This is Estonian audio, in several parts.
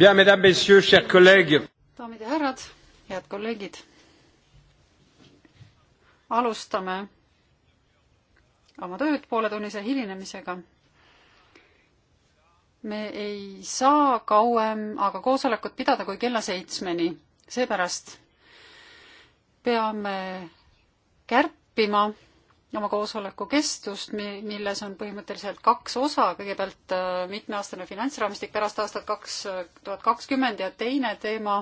daamid ja härrad, head kolleegid. alustame oma tööd pooletunnise hilinemisega. me ei saa kauem aga koosolekut pidada kui kella seitsmeni, seepärast peame kärpima oma koosoleku kestust, milles on põhimõtteliselt kaks osa, kõigepealt äh, mitmeaastane finantsraamistik pärast aastat kaks äh, tuhat kakskümmend ja teine teema,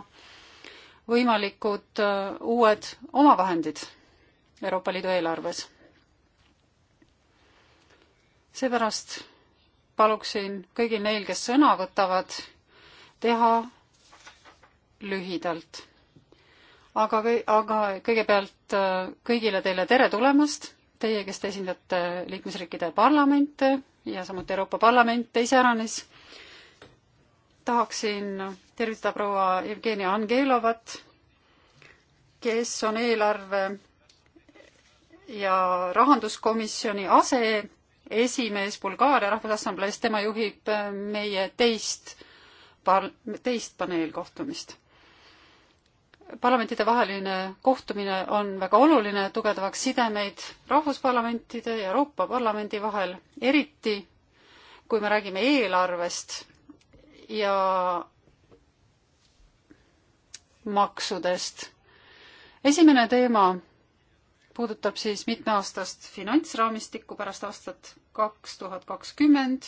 võimalikud äh, uued omavahendid Euroopa Liidu eelarves. seepärast paluksin kõigil neil, kes sõna võtavad, teha lühidalt. aga, aga kõigepealt kõigile teile tere tulemast teie, kes te esindate liikmesriikide parlamente ja samuti Euroopa Parlamente iseäranis, tahaksin tervitada proua Jevgenia Angelovat, kes on eelarve ja rahanduskomisjoni aseesimees Bulgaaria Rahvusassamblees, tema juhib meie teist par-, teist paneelkohtumist parlamentidevaheline kohtumine on väga oluline, tugevdavaks sidemeid rahvusparlamentide ja Euroopa Parlamendi vahel, eriti kui me räägime eelarvest ja maksudest. esimene teema puudutab siis mitmeaastast finantsraamistikku pärast aastat kaks tuhat kakskümmend,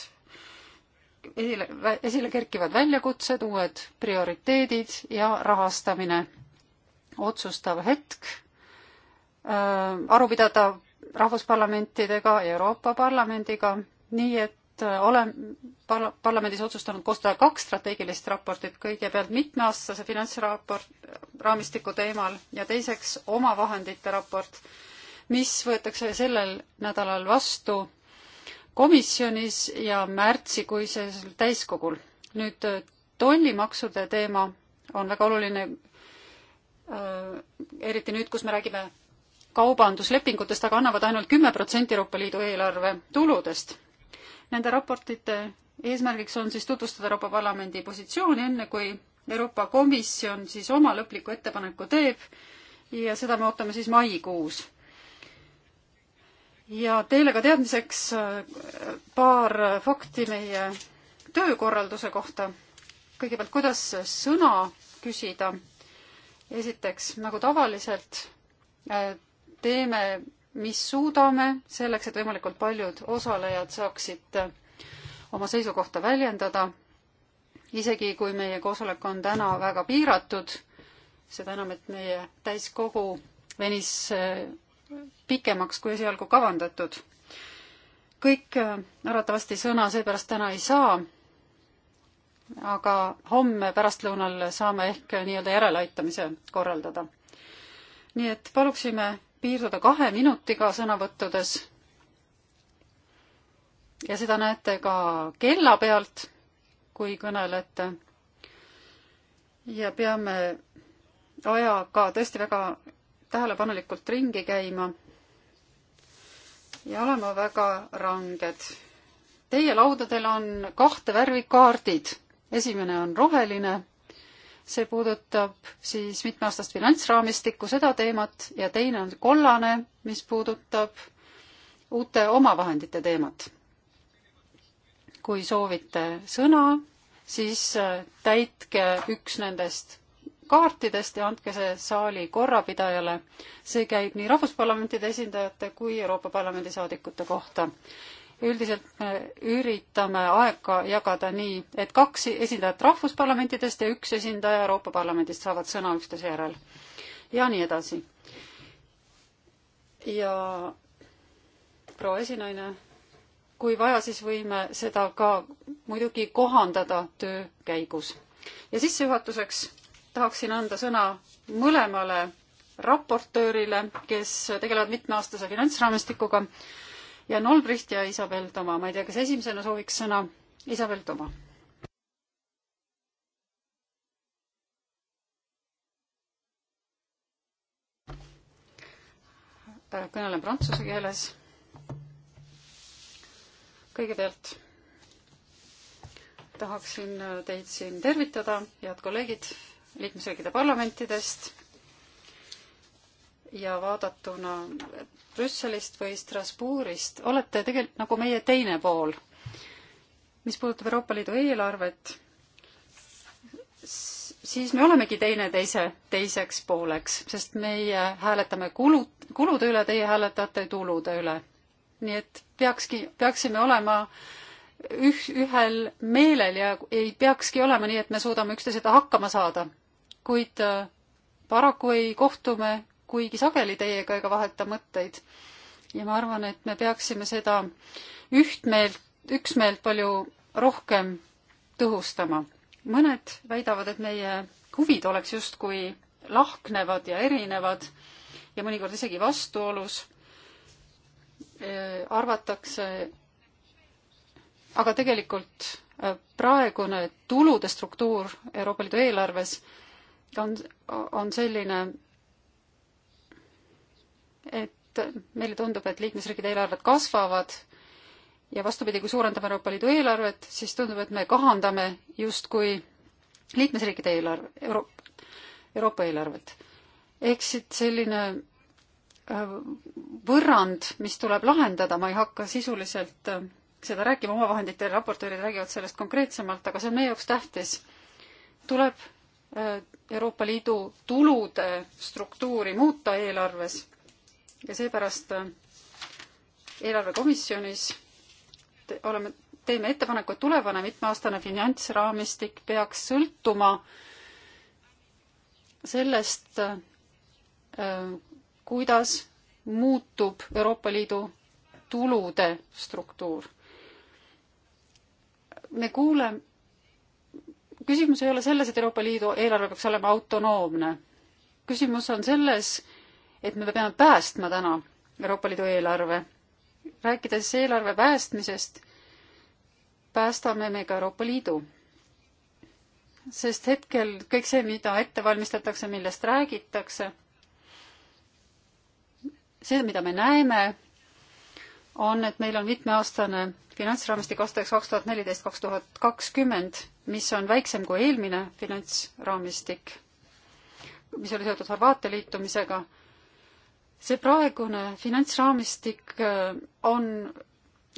esile, esile kerkivad väljakutsed, uued prioriteedid ja rahastamine otsustav hetk äh, aru pidada rahvusparlamentidega ja Euroopa Parlamendiga, nii et äh, olen parla-, parlamendis otsustanud koostada kaks strateegilist raportit, kõigepealt mitmeaastase finantsraport, raamistiku teemal ja teiseks omavahendite raport, mis võetakse sellel nädalal vastu komisjonis ja märtsikuisel täiskogul. nüüd äh, tollimaksude teema on väga oluline Äh, eriti nüüd, kus me räägime kaubanduslepingutest, aga annavad ainult kümme protsenti Euroopa Liidu eelarve tuludest. Nende raportite eesmärgiks on siis tutvustada Euroopa Parlamendi positsiooni, enne kui Euroopa Komisjon siis oma lõpliku ettepaneku teeb ja seda me ootame siis maikuus. ja teile ka teadmiseks äh, paar fakti meie töökorralduse kohta. kõigepealt, kuidas sõna küsida esiteks, nagu tavaliselt, äh, teeme, mis suudame, selleks, et võimalikult paljud osalejad saaksid äh, oma seisukohta väljendada, isegi kui meie koosolek on täna väga piiratud, seda enam, et meie täiskogu venis äh, pikemaks kui esialgu kavandatud. kõik arvatavasti sõna seepärast täna ei saa aga homme pärastlõunal saame ehk nii-öelda järeleaitamise korraldada. nii et paluksime piirduda kahe minutiga sõnavõttudes. ja seda näete ka kella pealt, kui kõnelete. ja peame ajaga tõesti väga tähelepanelikult ringi käima ja olema väga ranged. Teie laudadel on kahte värvi kaardid esimene on roheline, see puudutab siis mitmeaastast finantsraamistikku, seda teemat, ja teine on kollane, mis puudutab uute omavahendite teemat. kui soovite sõna, siis äh, täitke üks nendest kaartidest ja andke see saali korrapidajale. see käib nii Rahvusparlamentide esindajate kui Euroopa Parlamendi saadikute kohta üldiselt me üritame aega jagada nii, et kaks esindajat rahvusparlamentidest ja üks esindaja Euroopa Parlamendist saavad sõna üksteise järel ja nii edasi. ja proua esinaine, kui vaja, siis võime seda ka muidugi kohandada töö käigus. ja sissejuhatuseks tahaksin anda sõna mõlemale raportöörile, kes tegelevad mitmeaastase finantsraamistikuga Jan Olbricht ja Isabel Toma. ma ei tea, kas esimesena sooviks sõna Isabel Toma. kõnelen prantsuse keeles. kõigepealt tahaksin teid siin tervitada, head kolleegid liikmesriikide parlamentidest ja vaadatuna Brüsselist või Strasbourgist olete tegelikult nagu meie teine pool. mis puudutab Euroopa Liidu eelarvet, siis me olemegi teineteise teiseks pooleks, sest meie hääletame kulud, kulude üle, teie hääletate tulude üle. nii et peakski, peaksime olema üh-, ühel meelel ja ei peakski olema nii, et me suudame üksteisega hakkama saada. kuid äh, paraku ei kohtu me kuigi sageli teiega ega vaheta mõtteid. ja ma arvan, et me peaksime seda ühtmeelt, üksmeelt palju rohkem tõhustama. mõned väidavad, et meie huvid oleks justkui lahknevad ja erinevad ja mõnikord isegi vastuolus. arvatakse, aga tegelikult e, praegune tulude struktuur Euroopa Liidu eelarves on, on selline, et meile tundub, et liikmesriikide eelarved kasvavad ja vastupidi, kui suurendame Euroopa Liidu eelarvet, siis tundub, et me kahandame justkui liikmesriikide eelarve, Euro-, Euroopa eelarvet. ehk siit selline äh, võrrand, mis tuleb lahendada, ma ei hakka sisuliselt äh, seda rääkima, omavahendite raportöörid räägivad sellest konkreetsemalt, aga see on meie jaoks tähtis. tuleb äh, Euroopa Liidu tulude struktuuri muuta eelarves ja seepärast äh, eelarvekomisjonis te, oleme, teeme ettepaneku, et tulevane mitmeaastane finantsraamistik peaks sõltuma sellest, äh, kuidas muutub Euroopa Liidu tulude struktuur. me kuuleme, küsimus ei ole selles, et Euroopa Liidu eelarve peaks olema autonoomne. küsimus on selles, et me peame päästma täna Euroopa Liidu eelarve. rääkides eelarve päästmisest, päästame me ka Euroopa Liidu. sest hetkel kõik see, mida ette valmistatakse, millest räägitakse, see, mida me näeme, on, et meil on mitmeaastane finantsraamistik aastaks kaks tuhat neliteist, kaks tuhat kakskümmend, mis on väiksem kui eelmine finantsraamistik, mis oli seotud Horvaatia liitumisega see praegune finantsraamistik äh, on,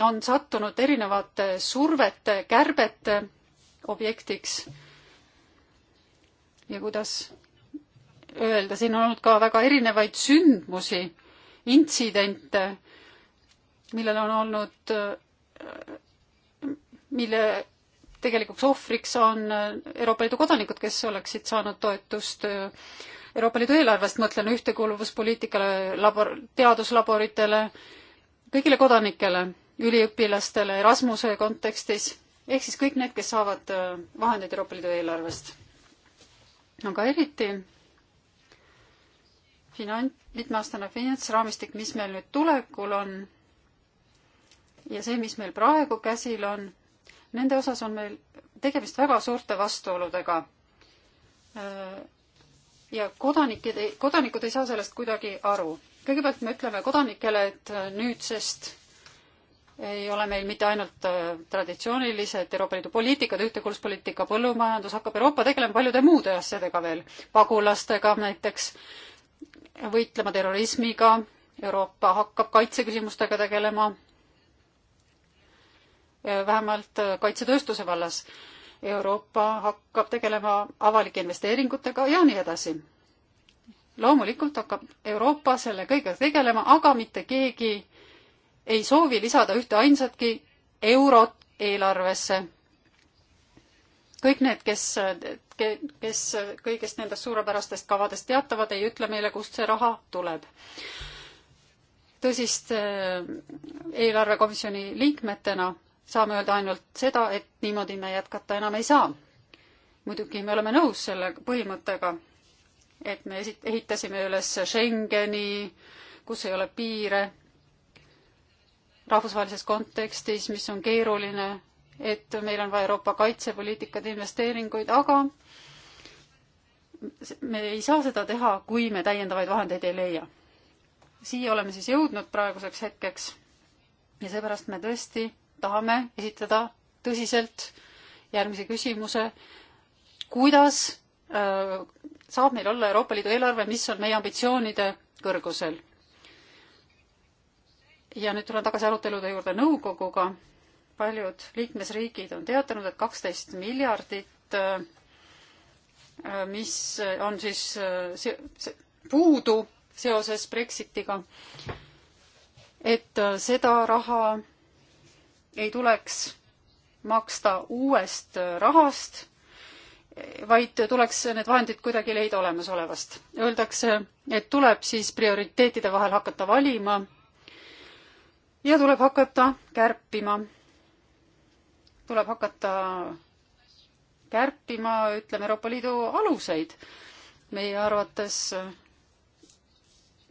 on sattunud erinevate survete, kärbete objektiks. ja kuidas öelda, siin on olnud ka väga erinevaid sündmusi, intsidente, millel on olnud, äh, mille tegelikuks ohvriks on äh, Euroopa Liidu kodanikud, kes oleksid saanud toetust Euroopa Liidu eelarvest, mõtlen ühtekuuluvuspoliitikale, labor, teaduslaboritele, kõigile kodanikele, üliõpilastele Erasmuse kontekstis, ehk siis kõik need, kes saavad äh, vahendeid Euroopa Liidu eelarvest. aga eriti finant, mitmeaastane finantsraamistik, mis meil nüüd tulekul on ja see, mis meil praegu käsil on, nende osas on meil tegemist väga suurte vastuoludega. Äh, ja kodanikud, kodanikud ei saa sellest kuidagi aru. kõigepealt me ütleme kodanikele, et äh, nüüdsest ei ole meil mitte ainult äh, traditsioonilised Euroopa Liidu poliitikad, ühtekuuluvuspoliitika, põllumajandus, hakkab Euroopa tegelema paljude muude asjadega veel, pagulastega näiteks, võitlema terrorismiga, Euroopa hakkab kaitseküsimustega tegelema, äh, vähemalt kaitsetööstuse vallas Euroopa hakkab tegelema avalike investeeringutega ja nii edasi. loomulikult hakkab Euroopa selle kõigega tegelema, aga mitte keegi ei soovi lisada ühte ainsatki eurot eelarvesse. kõik need, kes, kes kõigist nendest suurepärastest kavadest teatavad, ei ütle meile, kust see raha tuleb. tõsist eh, eelarvekomisjoni liikmetena saame öelda ainult seda, et niimoodi me jätkata enam ei saa. muidugi me oleme nõus selle põhimõttega, et me esit-, ehitasime üles Schengeni, kus ei ole piire, rahvusvahelises kontekstis, mis on keeruline, et meil on vaja Euroopa kaitsepoliitikat, investeeringuid, aga me ei saa seda teha, kui me täiendavaid vahendeid ei leia. siia oleme siis jõudnud praeguseks hetkeks ja seepärast me tõesti tahame esitada tõsiselt järgmise küsimuse, kuidas äh, saab meil olla Euroopa Liidu eelarve, mis on meie ambitsioonide kõrgusel? ja nüüd tulen tagasi arutelude juurde nõukoguga. paljud liikmesriigid on teatanud, et kaksteist miljardit, äh, mis on siis äh, see, see, puudu seoses Brexitiga, et seda raha ei tuleks maksta uuest rahast, vaid tuleks need vahendid kuidagi leida olemasolevast. Öeldakse, et tuleb siis prioriteetide vahel hakata valima ja tuleb hakata kärpima. tuleb hakata kärpima, ütleme, Euroopa Liidu aluseid. meie arvates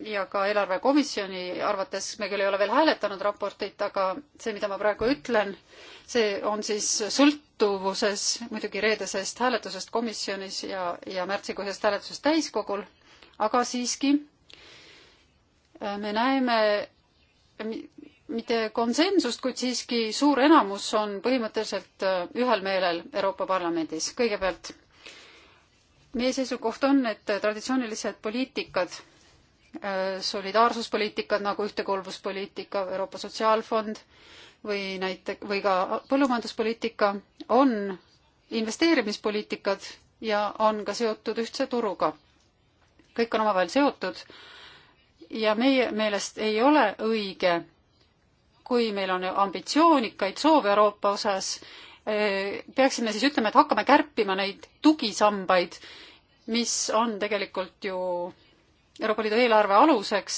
ja ka eelarvekomisjoni arvates, me küll ei ole veel hääletanud raportit, aga see, mida ma praegu ütlen, see on siis sõltuvuses muidugi reedesest hääletusest komisjonis ja, ja märtsikuisest hääletusest täiskogul, aga siiski äh, me näeme mitte konsensust, kuid siiski suur enamus on põhimõtteliselt äh, ühel meelel Euroopa Parlamendis. kõigepealt meie seisukoht on, et traditsioonilised poliitikad Äh, solidaarsuspoliitikad nagu ühtekuuluvuspoliitika, Euroopa Sotsiaalfond või näite- või ka põllumajanduspoliitika on investeerimispoliitikad ja on ka seotud ühtse turuga. kõik on omavahel seotud ja meie meelest ei ole õige, kui meil on ambitsioonikaid soove Euroopa osas, äh, peaksime siis ütlema, et hakkame kärpima neid tugisambaid, mis on tegelikult ju Euroopa Liidu eelarve aluseks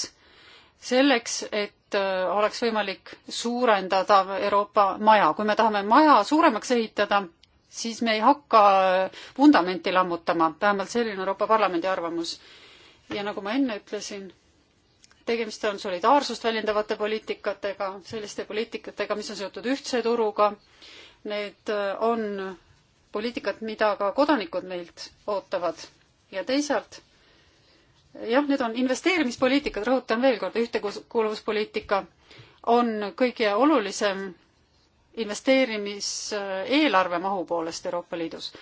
selleks, et äh, oleks võimalik suurendada Euroopa maja. kui me tahame maja suuremaks ehitada, siis me ei hakka äh, vundamenti lammutama, vähemalt selline Euroopa Parlamendi arvamus. ja nagu ma enne ütlesin, tegemist on solidaarsust väljendavate poliitikatega, selliste poliitikatega, mis on seotud ühtse turuga. Need äh, on poliitikad, mida ka kodanikud meilt ootavad ja teisalt jah, need on investeerimispoliitikad, rõhutan veel kord, ühtekuuluvuspoliitika on kõige olulisem investeerimiseelarve mahu poolest Euroopa Liidus.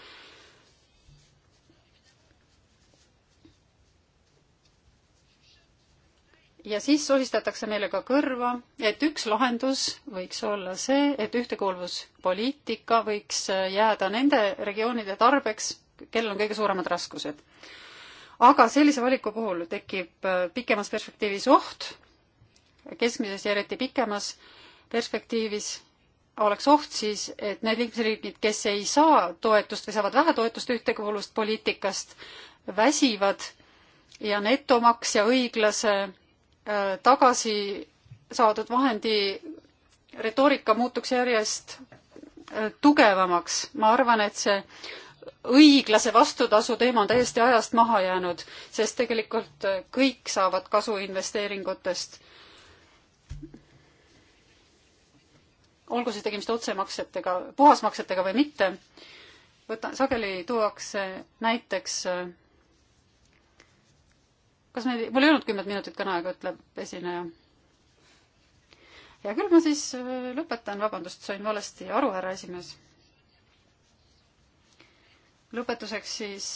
ja siis sohistatakse meile ka kõrva, et üks lahendus võiks olla see, et ühtekuuluvuspoliitika võiks jääda nende regioonide tarbeks, kellel on kõige suuremad raskused aga sellise valiku puhul tekib äh, pikemas perspektiivis oht, keskmises ja eriti pikemas perspektiivis oleks oht siis, et need liikmesriigid, kes ei saa toetust või saavad vähe toetust ühtekuuluvuspoliitikast, väsivad ja netomaksja õiglase äh, tagasi saadud vahendi retoorika muutuks järjest äh, tugevamaks. ma arvan, et see õiglase vastutasu teema on täiesti ajast maha jäänud, sest tegelikult äh, kõik saavad kasu investeeringutest. olgu siis tegemist otsemaksetega, puhasmaksetega või mitte, võta, sageli tuuakse näiteks äh, kas meil, mul ei olnud kümmet minutit kõneaega, ütleb esineja. hea küll, ma siis äh, lõpetan, vabandust, sain valesti aru, härra esimees lõpetuseks siis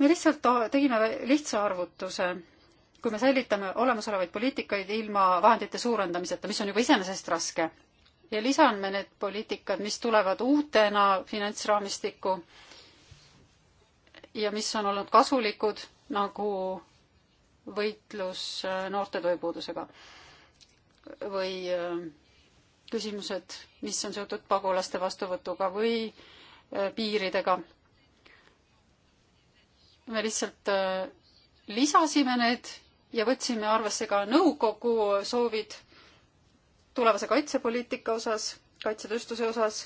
me lihtsalt tegime lihtsa arvutuse, kui me säilitame olemasolevaid poliitikaid ilma vahendite suurendamiseta, mis on juba iseenesest raske, ja lisame need poliitikad, mis tulevad uutena finantsraamistikku ja mis on olnud kasulikud, nagu võitlus äh, noorte tööpuudusega või äh, küsimused, mis on seotud pagulaste vastuvõtuga või äh, piiridega. me lihtsalt äh, lisasime need ja võtsime arvesse ka nõukogu soovid tulevase kaitsepoliitika osas, kaitsetööstuse osas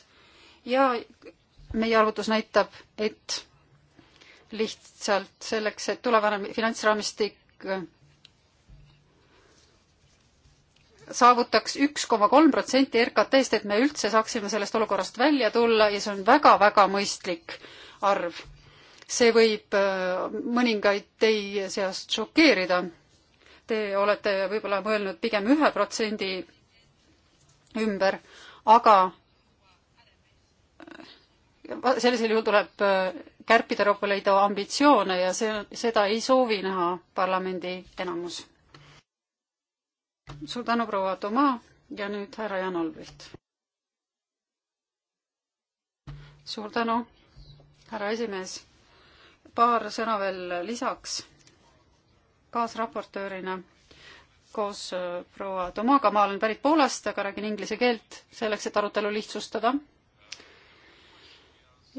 ja meie arvutus näitab, et lihtsalt selleks, et tulevane finantsraamistik äh, saavutaks üks koma kolm protsenti RKT-st, et me üldse saaksime sellest olukorrast välja tulla ja see on väga-väga mõistlik arv. see võib äh, mõningaid teie seast šokeerida. Te olete võib-olla mõelnud pigem ühe protsendi ümber, aga äh, sellisel juhul tuleb äh, kärpida Euroopa Liidu ambitsioone ja see, seda ei soovi näha parlamendi enamus suur tänu, proua Toma ja nüüd härra Jan Olbricht. suur tänu, härra esimees. paar sõna veel lisaks kaasraportöörina koos äh, proua Tomaga, ma olen pärit Poolast, aga räägin inglise keelt selleks, et arutelu lihtsustada.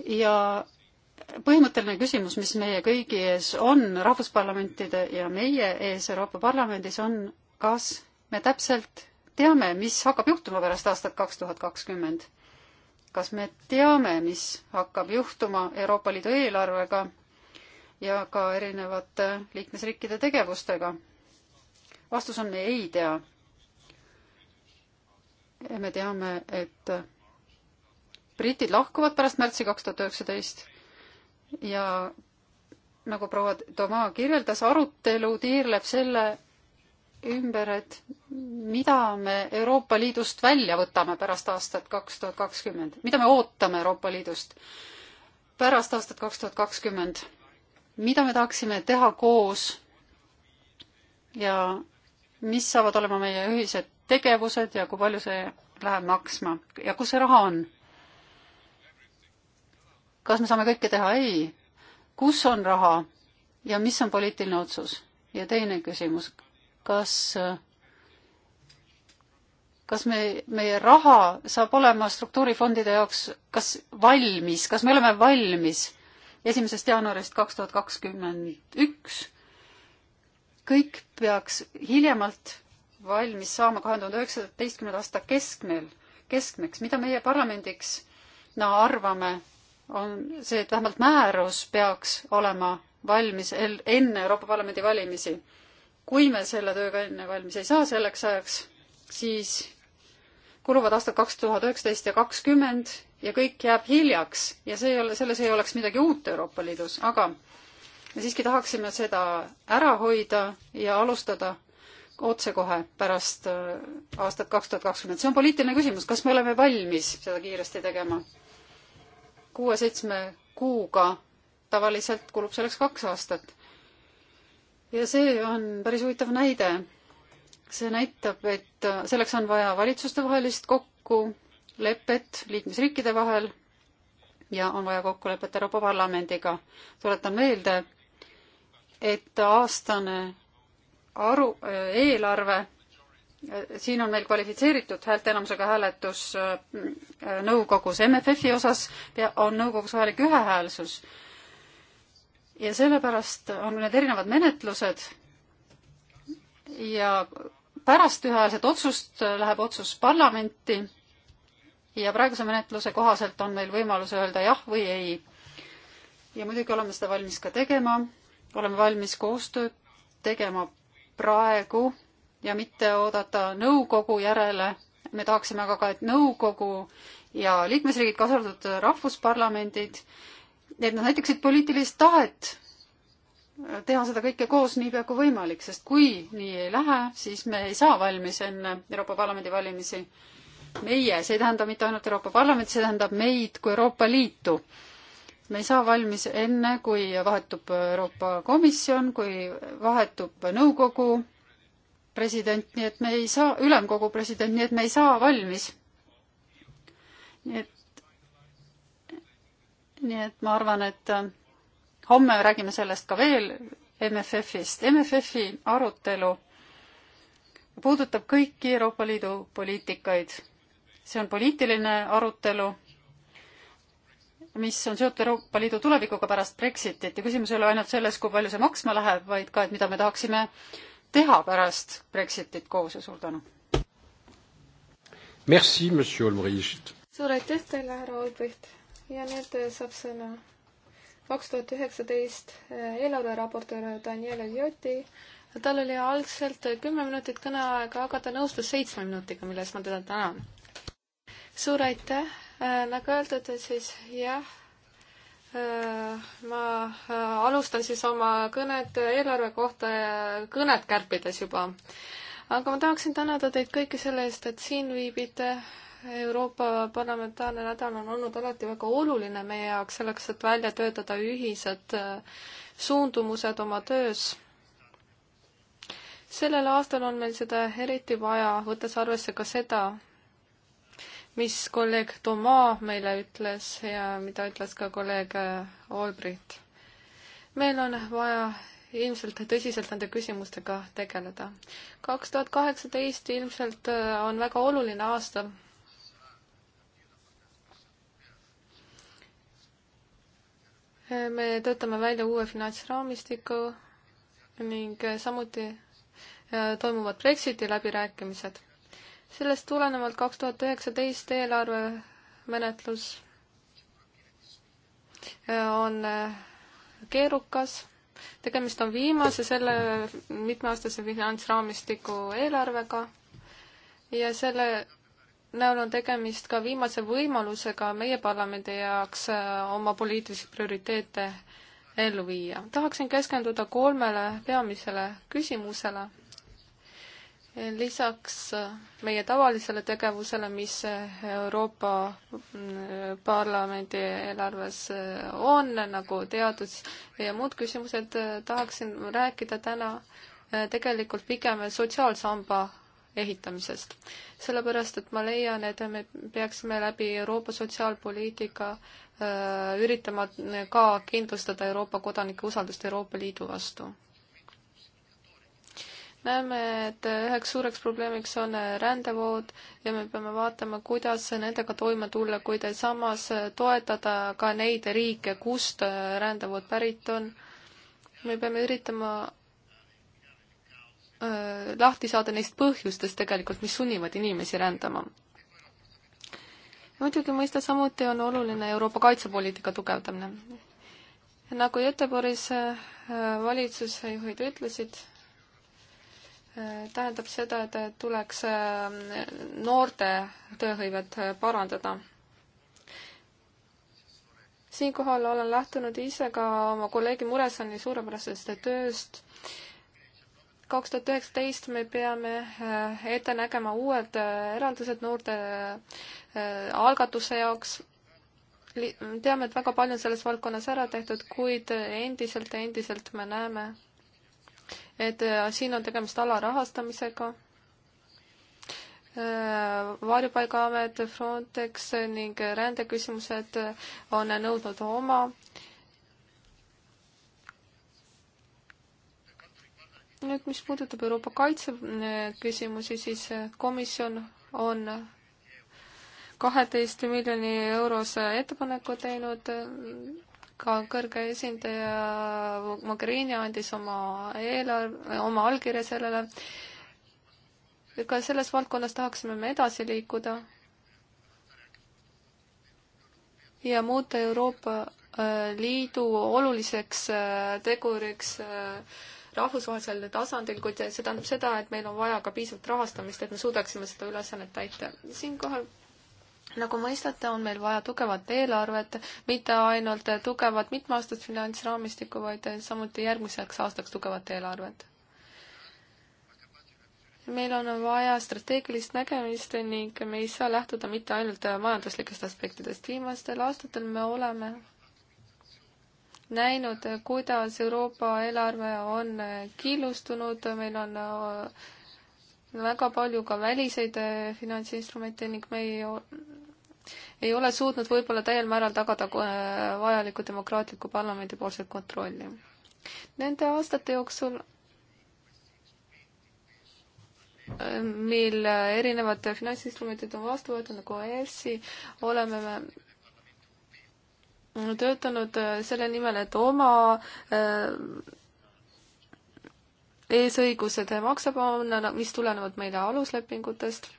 ja põhimõtteline küsimus, mis meie kõigi ees on, rahvusparlamentide ja meie ees Euroopa Parlamendis on, kas me täpselt teame, mis hakkab juhtuma pärast aastat kaks tuhat kakskümmend? kas me teame, mis hakkab juhtuma Euroopa Liidu eelarvega ja ka erinevate liikmesriikide tegevustega? vastus on me ei tea. me teame, et britid lahkuvad pärast märtsi kaks tuhat üheksateist ja nagu proua Toma kirjeldas, arutelu tiirleb selle ümber, et mida me Euroopa Liidust välja võtame pärast aastat kaks tuhat kakskümmend, mida me ootame Euroopa Liidust pärast aastat kaks tuhat kakskümmend, mida me tahaksime teha koos ja mis saavad olema meie ühised tegevused ja kui palju see läheb maksma ja kus see raha on? kas me saame kõike teha? ei. kus on raha ja mis on poliitiline otsus? ja teine küsimus, kas, kas me, meie raha saab olema struktuurifondide jaoks, kas valmis, kas me oleme valmis esimesest jaanuarist kaks tuhat kakskümmend üks? kõik peaks hiljemalt valmis saama kahe tuhande üheksateistkümnenda aasta keskmel, keskmeks, mida meie parlamendiks no, arvame, on see, et vähemalt määrus peaks olema valmis enne Euroopa Parlamendi valimisi kui me selle tööga enne valmis ei saa selleks ajaks, siis kuluvad aastad kaks tuhat üheksateist ja kakskümmend ja kõik jääb hiljaks ja see ei ole, selles ei oleks midagi uut Euroopa Liidus, aga me siiski tahaksime seda ära hoida ja alustada otsekohe pärast äh, aastat kaks tuhat kakskümmend. see on poliitiline küsimus, kas me oleme valmis seda kiiresti tegema? kuue-seitsme kuuga tavaliselt kulub selleks kaks aastat ja see on päris huvitav näide. see näitab, et selleks on vaja valitsustevahelist kokkulepet liikmesriikide vahel ja on vaja kokkulepet Euroopa Parlamendiga. tuletan meelde, et aastane aru, eelarve siin on meil kvalifitseeritud häälteenamusega hääletus äh, nõukogus. MFF-i osas on nõukogus vajalik ühehäälsus ja sellepärast on need erinevad menetlused ja pärast ühehäälset otsust läheb otsus parlamenti ja praeguse menetluse kohaselt on meil võimalus öelda jah või ei. ja muidugi oleme seda valmis ka tegema, oleme valmis koostööd tegema praegu ja mitte oodata nõukogu järele, me tahaksime aga ka, et nõukogu ja liikmesriigid, kaasa arvatud rahvusparlamendid, et nad näitaksid poliitilist tahet teha seda kõike koos niipea kui võimalik, sest kui nii ei lähe, siis me ei saa valmis enne Euroopa Parlamendi valimisi. meie, see ei tähenda mitte ainult Euroopa Parlamenti, see tähendab meid kui Euroopa Liitu. me ei saa valmis enne, kui vahetub Euroopa Komisjon, kui vahetub nõukogu president, nii et me ei saa, ülemkogu president, nii et me ei saa valmis. nii et nii et ma arvan, et äh, homme räägime sellest ka veel MFF-ist. MFF-i arutelu puudutab kõiki Euroopa Liidu poliitikaid. see on poliitiline arutelu, mis on seotud Euroopa Liidu tulevikuga pärast Brexitit ja küsimus ei ole ainult selles, kui palju see maksma läheb, vaid ka, et mida me tahaksime teha pärast Brexitit koos ja suur tänu. Merci, monsieur Olmrist. suur aitäh teile, härra Olbricht ja nüüd äh, saab sõna kaks tuhat üheksateist äh, eelarveraportöör Daniele Viotti. tal oli algselt äh, kümme minutit kõneaega, aga ta nõustus seitsme minutiga, mille eest ma teda tänan. suur aitäh, nagu öeldud, siis jah, ma alustan siis oma kõnet eelarve kohta ja kõnet kärpides juba. aga ma tahaksin tänada teid kõiki selle eest, et siin viibite Euroopa Parlamentaarne nädal on olnud alati väga oluline meie jaoks selleks, et välja töötada ühised äh, suundumused oma töös. sellel aastal on meil seda eriti vaja, võttes arvesse ka seda, mis kolleeg Toma meile ütles ja mida ütles ka kolleeg äh, Olbrit. meil on vaja ilmselt tõsiselt nende küsimustega tegeleda. kaks tuhat kaheksateist ilmselt äh, on väga oluline aasta me töötame välja uue finantsraamistiku ning samuti äh, toimuvad Brexiti läbirääkimised. sellest tulenevalt kaks tuhat üheksateist eelarve menetlus äh, on äh, keerukas, tegemist on viimase selle mitmeaastase finantsraamistiku eelarvega ja selle näol on tegemist ka viimase võimalusega meie parlamendi jaoks äh, oma poliitilisi prioriteete ellu viia. tahaksin keskenduda kolmele peamisele küsimusele. lisaks äh, meie tavalisele tegevusele, mis äh, Euroopa mm, Parlamendi eelarves on, nagu teadus ja muud küsimused, tahaksin rääkida täna tegelikult pigem sotsiaalsamba ehitamisest. sellepärast, et ma leian, et me peaksime läbi Euroopa sotsiaalpoliitika äh, üritama ka kindlustada Euroopa kodanike usaldust Euroopa Liidu vastu. näeme, et üheks suureks probleemiks on rändevood ja me peame vaatama, kuidas nendega toime tulla, kuid samas toetada ka neid riike, kust rändevood pärit on. me peame üritama Äh, lahti saada neist põhjustest tegelikult, mis sunnivad inimesi rändama. muidugi mõista samuti on oluline Euroopa kaitsepoliitika tugevdamine. nagu Göteborgis äh, valitsusjuhid ütlesid, äh, tähendab seda, et tuleks noorte tööhõivet parandada. siinkohal olen lähtunud ise ka oma kolleegi Muresani suurepärasest tööst äh, kaks tuhat üheksateist me peame äh, ette nägema uued äh, eraldised noorte äh, algatuse jaoks. teame, et väga palju on selles valdkonnas ära tehtud, kuid endiselt ja endiselt me näeme, et siin on tegemist alarahastamisega. varjupaigaamet, Frontex ning rändeküsimused on nõudnud oma nüüd, mis puudutab Euroopa kaitseküsimusi, eh, siis eh, komisjon on kaheteist miljoni eurose ettepaneku teinud, ka kõrge esindaja Mogherini andis oma eelarve, oma allkirja sellele. ka selles valdkonnas tahaksime me edasi liikuda ja muuta Euroopa eh, Liidu oluliseks teguriks äh, rahvusvahelisel tasandil, kuid see tähendab seda, et meil on vaja ka piisavalt rahastamist, et me suudaksime seda ülesannet täita. siinkohal nagu mõistate, on meil vaja tugevat eelarvet, mitte ainult tugevat mitmeaastast finantsraamistikku, vaid samuti järgmiseks aastaks tugevat eelarvet. meil on vaja strateegilist nägemist ning me ei saa lähtuda mitte ainult majanduslikest aspektidest. viimastel aastatel me oleme näinud, kuidas Euroopa eelarve on killustunud, meil on äh, väga palju ka väliseid äh, finantsinstrumente ning me ei, ei ole suutnud võib-olla täiel määral tagada äh, vajalikku demokraatlikku parlamendipoolset kontrolli. Nende aastate jooksul mil erinevad finantsinstrumendid on vastu võetud nagu EFSI, oleme me töötanud äh, selle nimel, et oma äh, eesõigused maksa panna, mis tulenevad meile aluslepingutest.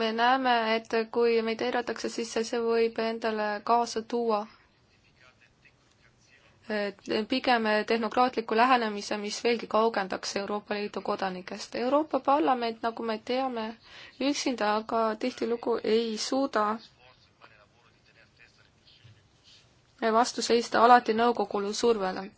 me näeme, et kui meid eiratakse, siis see võib endale kaasa tuua pigem tehnokraatliku lähenemise, mis veelgi kaugendaks Euroopa Liidu kodanikest. Euroopa Parlament, nagu me teame, üksinda aga tihtilugu ei suuda vastu seista alati nõukogule survele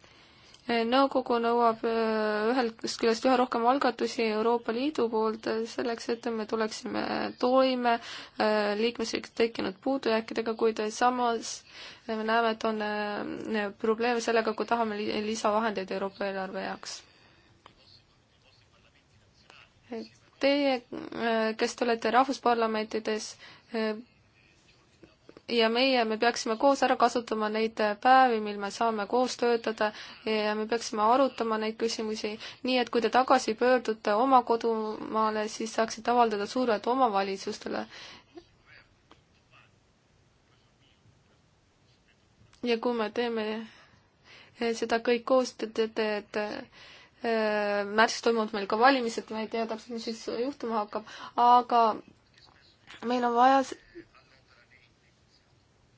nõukogu nõuab äh, ühest küljest üha rohkem algatusi Euroopa Liidu poolt äh, selleks, et me tuleksime toime äh, liikmesriikides tekkinud puudujääkidega, kuid samas me näeme, et on probleeme sellega, kui tahame lisavahendeid Euroopa eelarve jaoks. Teie, kes te olete rahvusparlamentides, ja meie, me peaksime koos ära kasutama neid päevi, mil me saame koos töötada ja me peaksime arutama neid küsimusi, nii et kui te tagasi pöördute oma kodumaale, siis saaksite avaldada survet omavalitsustele. ja kui me teeme eh, seda kõik koos, te teate, et, et eh, märtsis toimuvad meil ka valimised, ma ei tea täpselt, mis siis juhtuma hakkab, aga meil on vaja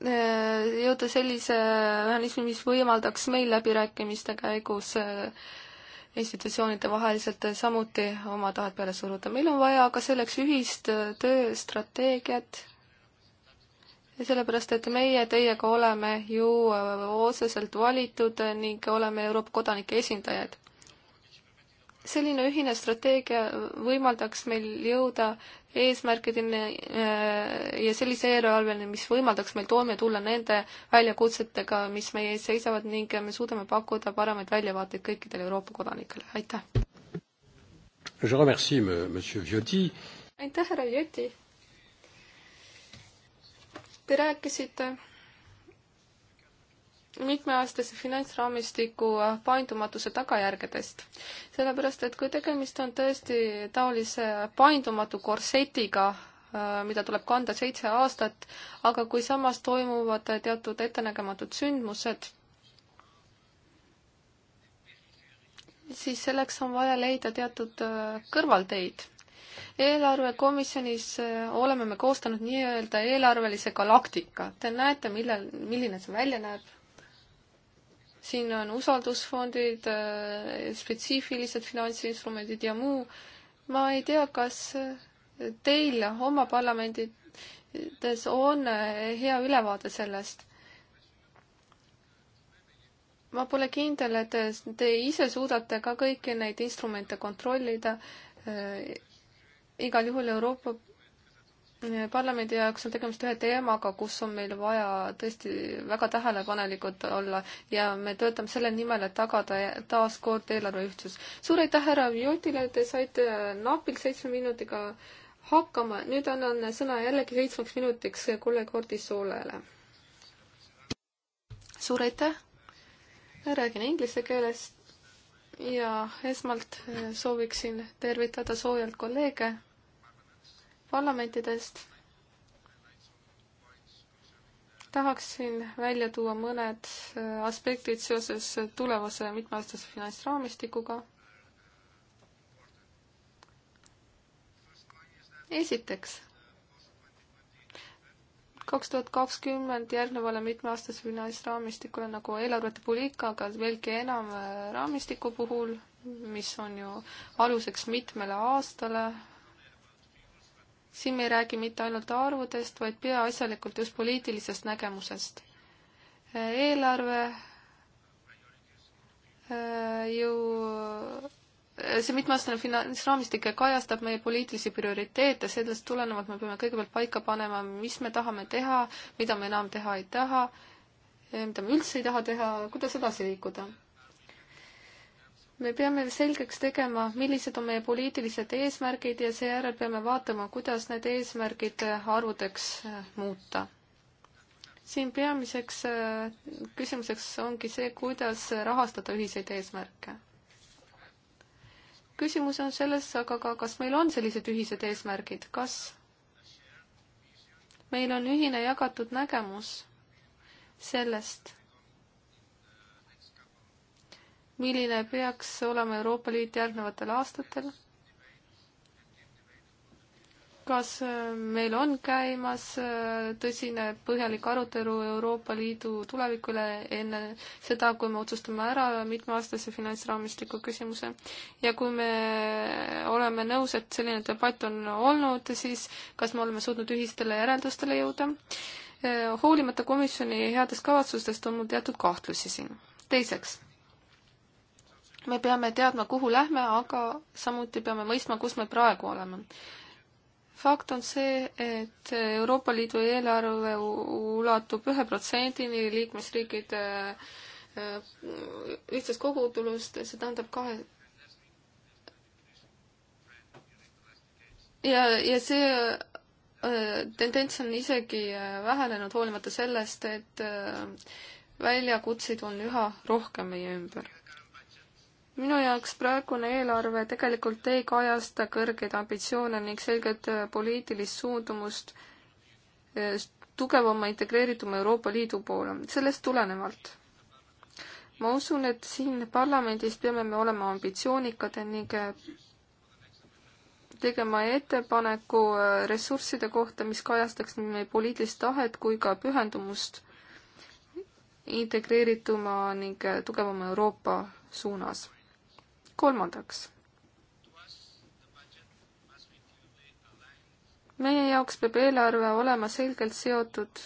Äh, jõuda sellise mehhanismi, mis võimaldaks meil läbirääkimiste käigus äh, institutsioonide vaheliselt samuti oma tahet peale suruda. meil on vaja ka selleks ühist äh, tööstrateegiat ja sellepärast, et meie teiega oleme ju otseselt valitud ning oleme Euroopa kodanike esindajad. selline ühine strateegia võimaldaks meil jõuda eesmärkideni äh, ja sellise eelarveni, mis võimaldaks meil toime tulla nende väljakutsetega, mis meie ees seisavad ning me suudame pakkuda paremaid väljavaateid kõikidele Euroopa kodanikele, aitäh! aitäh, härra Jüti! Te rääkisite mitmeaastase finantsraamistiku paindumatuse tagajärgedest. sellepärast, et kui tegemist on tõesti taolise paindumatu korsetiga, äh, mida tuleb kanda seitse aastat, aga kui samas toimuvad teatud ettenägematud sündmused, siis selleks on vaja leida teatud äh, kõrvalteid eelarvekomisjonis äh, oleme me koostanud nii-öelda eelarvelise galaktika. Te näete, millel, milline see välja näeb siin on usaldusfondid, äh, spetsiifilised finantsinstrumendid ja muu. ma ei tea, kas teil oma parlamendides on äh, hea ülevaade sellest. ma pole kindel, et te ise suudate ka kõiki neid instrumente kontrollida. Äh, igal juhul Euroopa parlamendi jaoks on tegemist ühe teemaga, kus on meil vaja tõesti väga tähelepanelikud olla ja me töötame selle nimel, et tagada taas kord eelarve ühtsus. suur aitäh härra Viotile, te saite napilt seitsme minutiga hakkama, nüüd annan sõna jällegi seitsmeks minutiks kolleeg Hordi Soolele. suur aitäh, räägin inglise keeles ja esmalt sooviksin tervitada soojalt kolleege parlamentidest tahaksin välja tuua mõned äh, aspektid seoses tulevase mitmeaastase finantsraamistikuga. esiteks, kaks tuhat kakskümmend järgnevale mitmeaastase finantsraamistikule nagu eelarvete poliitika, aga veelgi enam äh, raamistiku puhul, mis on ju aluseks mitmele aastale siin me ei räägi mitte ainult arvudest, vaid peaasjalikult just poliitilisest nägemusest. eelarve äh, ju äh, see mitmeaastane finantsraamistik kajastab meie poliitilisi prioriteete, sellest tulenevalt me peame kõigepealt paika panema, mis me tahame teha, mida me enam teha ei taha, mida me üldse ei taha teha, kuidas edasi liikuda me peame selgeks tegema, millised on meie poliitilised eesmärgid ja seejärel peame vaatama, kuidas need eesmärgid arvudeks äh, muuta. siin peamiseks äh, küsimuseks ongi see, kuidas rahastada ühiseid eesmärke. küsimus on selles aga ka, kas meil on sellised ühised eesmärgid, kas meil on ühine jagatud nägemus sellest, milline peaks olema Euroopa Liit järgnevatel aastatel? kas äh, meil on käimas äh, tõsine põhjalik arutelu Euroopa Liidu tuleviku üle enne seda, kui me otsustame ära mitmeaastase finantsraamistiku küsimuse ja kui me oleme nõus, et selline debatt on olnud, siis kas me oleme suutnud ühistele järeldustele jõuda? Äh, hoolimata komisjoni headest kavatsustest on mul teatud kahtlusi siin. teiseks me peame teadma, kuhu lähme, aga samuti peame mõistma, kus me praegu oleme. fakt on see, et Euroopa Liidu eelarve ulatub ühe protsendini liikmesriikide äh, ühtsest kogutulust, see tähendab kahe ja, ja see äh, tendents on isegi äh, vähenenud, hoolimata sellest, et väljakutseid on üha rohkem meie ümber minu jaoks praegune eelarve tegelikult ei kajasta kõrgeid ambitsioone ning selget äh, poliitilist suundumust äh, tugevama integreerituma Euroopa Liidu poole. sellest tulenevalt ma usun, et siin parlamendis peame me olema ambitsioonikad ning äh, tegema ettepaneku ressursside kohta, mis kajastaks nii meie poliitilist tahet kui ka pühendumust integreerituma ning tugevama Euroopa suunas kolmandaks. meie jaoks peab eelarve olema selgelt seotud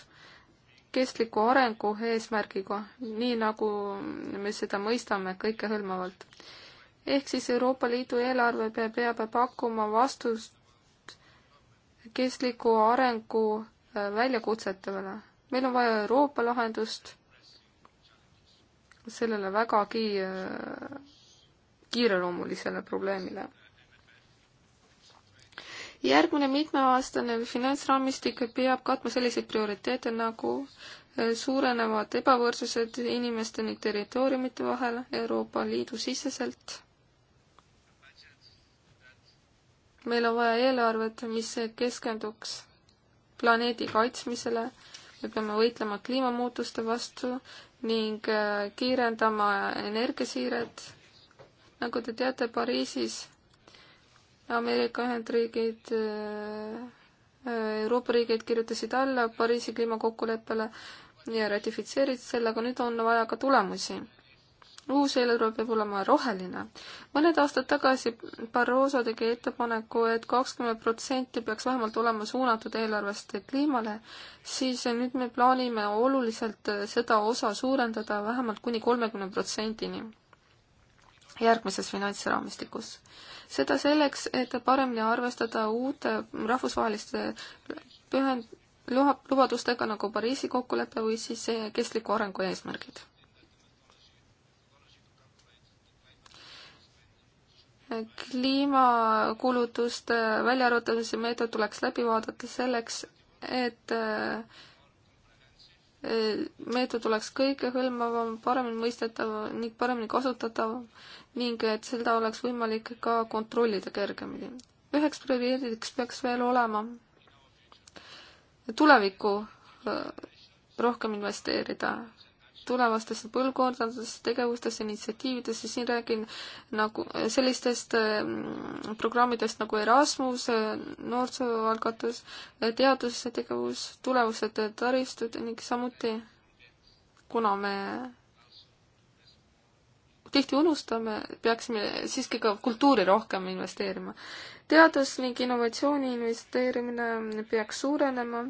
kestliku arengu eesmärgiga, nii nagu me seda mõistame kõikehõlmavalt. ehk siis Euroopa Liidu eelarve peab, peab pakkuma vastust kestliku arengu äh, väljakutsetele. meil on vaja Euroopa lahendust sellele vägagi äh, kiireloomulisele probleemile. järgmine mitmeaastane finantsraamistik peab katma selliseid prioriteete nagu eh, suurenevad ebavõrdsused inimeste ning territooriumite vahel Euroopa Liidu siseselt. meil on vaja eelarvet, mis keskenduks planeedi kaitsmisele, me peame võitlema kliimamuutuste vastu ning eh, kiirendama energiasiiret nagu te teate, Pariisis Ameerika Ühendriigid, äh, äh, Euroopa riigid kirjutasid alla Pariisi kliimakokkuleppele ja ratifitseerisid selle, aga nüüd on vaja ka tulemusi uus eelarve peab olema roheline. mõned aastad tagasi Barroso tegi ettepaneku et, et kakskümmend protsenti peaks vähemalt olema suunatud eelarvest kliimale, siis nüüd me plaanime oluliselt seda osa suurendada vähemalt kuni kolmekümne protsendini järgmises finantsraamistikus. seda selleks, et paremini arvestada uute rahvusvaheliste pühend-, lubadustega nagu Pariisi kokkulepe või siis kestliku arengu eesmärgid. kliimakulutuste väljaarvutamise meetod tuleks läbi vaadata selleks, et äh, meetod oleks kõigehõlmavam, paremini mõistetav ning paremini kasutatav ning et seda oleks võimalik ka kontrollida kergemini. üheks prioriteediks peaks veel olema tulevikku äh, rohkem investeerida tulevastesse põlvkondadesse, tegevustesse, initsiatiividesse, siin räägin nagu sellistest mm, programmidest nagu Erasmus, noorsooalgatus, teadustegevus, tulevased taristud ning samuti kuna me tihti unustame, peaksime siiski ka kultuuri rohkem investeerima. teadus ning innovatsiooni investeerimine peaks suurenema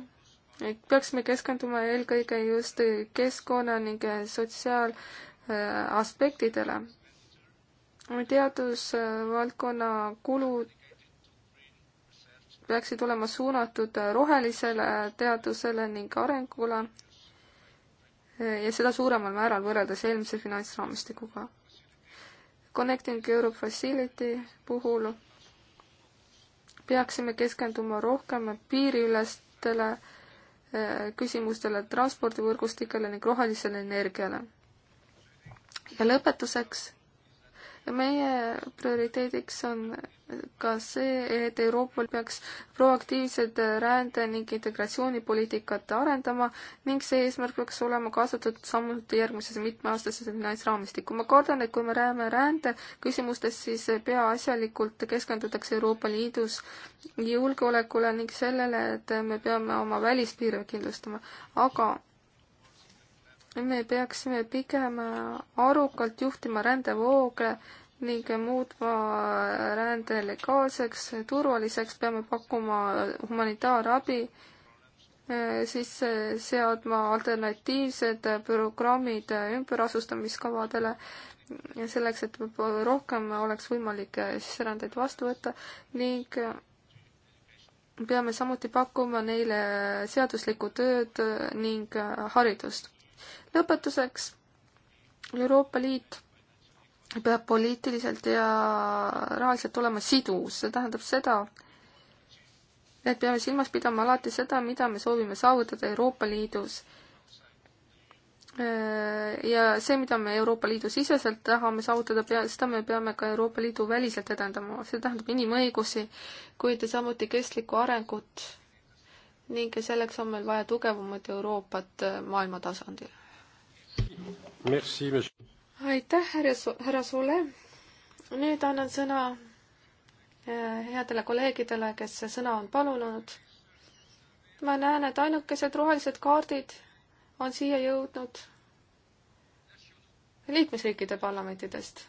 et peaksime keskenduma eelkõige just keskkonna ning sotsiaalaspektidele. teadusvaldkonna kulud peaksid olema suunatud rohelisele teadusele ning arengule ja seda suuremal määral võrreldes eelmise finantsraamistikuga. Connecting Europe Facility puhul peaksime keskenduma rohkem piiriülestele äh, küsimustele, transpordivõrgustikele ning rohelisele energiale. ja lõpetuseks meie prioriteediks on ka see, et Euroopal peaks proaktiivsed rände ning integratsioonipoliitikat arendama ning see eesmärk peaks olema kaasatud samuti järgmisesse mitmeaastasesse finantsraamistikku. ma kardan, et kui me räägime rände küsimustest, siis peaasjalikult keskendutakse Euroopa Liidus julgeolekule ning sellele, et me peame oma välispiire kindlustama, aga me peaksime pigem arukalt juhtima rändevooge ning muutma rände legaalseks, turvaliseks, peame pakkuma humanitaarabi, eh, siis seadma alternatiivsed programmid ümberasustamiskavadele, selleks, et rohkem oleks võimalik sisserändeid vastu võtta ning peame samuti pakkuma neile seaduslikku tööd ning haridust lõpetuseks, Euroopa Liit peab poliitiliselt ja rahaliselt olema sidus, see tähendab seda, et peame silmas pidama alati seda, mida me soovime saavutada Euroopa Liidus. ja see, mida me Euroopa Liidu siseselt tahame saavutada, pea, seda me peame ka Euroopa Liidu väliselt edendama, see tähendab inimõigusi, kuid samuti kestlikku arengut ning selleks on meil vaja tugevamat Euroopat äh, maailma tasandil. aitäh, härra, härra Sule. nüüd annan sõna äh, headele kolleegidele, kes sõna on palunud. ma näen, et ainukesed rohelised kaardid on siia jõudnud liikmesriikide parlamentidest.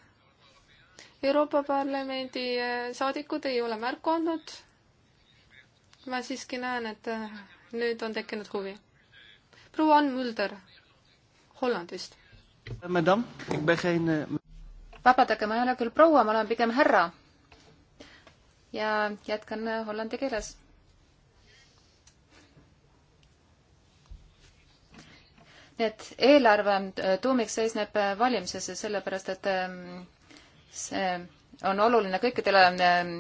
Euroopa Parlamendi äh, saadikud ei ole märku andnud ma siiski näen, et äh, nüüd on tekkinud huvi. proua Ann Mulder Hollandist. Eh, vabandage, ma ei ole küll proua, ma olen pigem härra. ja jätkan äh, hollandi keeles. nii et eelarve äh, tuumik seisneb valimises ja sellepärast, et ähm, see on oluline kõikidele, eh,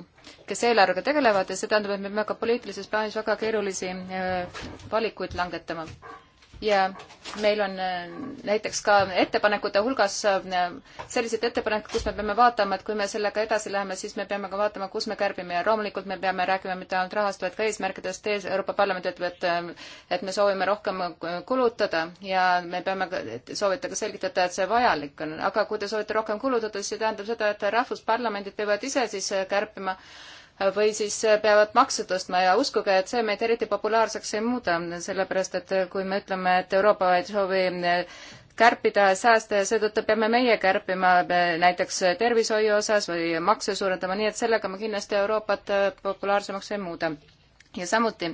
kes eelarvega tegelevad ja see tähendab, et me peame ka poliitilises plaanis väga keerulisi eh, valikuid langetama ja meil on äh, näiteks ka ettepanekute hulgas äh, sellised ettepanekud, kus me peame vaatama, et kui me sellega edasi läheme, siis me peame ka vaatama, kus me kärbime ja loomulikult me peame rääkima mitte ainult rahast, vaid ka eesmärkidest. Euroopa Parlament ütleb, et, äh, et me soovime rohkem kulutada ja me peame, soovite ka selgitada, et see vajalik on. aga kui te soovite rohkem kulutada, siis see tähendab seda, et rahvusparlamendid peavad ise siis kärpima või siis peavad makse tõstma ja uskuge, et see meid eriti populaarseks ei muuda, sellepärast et kui me ütleme, et Euroopa ei soovi eh, kärpida sääste ja seetõttu peame meie kärpima eh, näiteks tervishoiu osas või makse suurendama, nii et sellega me kindlasti Euroopat eh, populaarsemaks ei muuda. ja samuti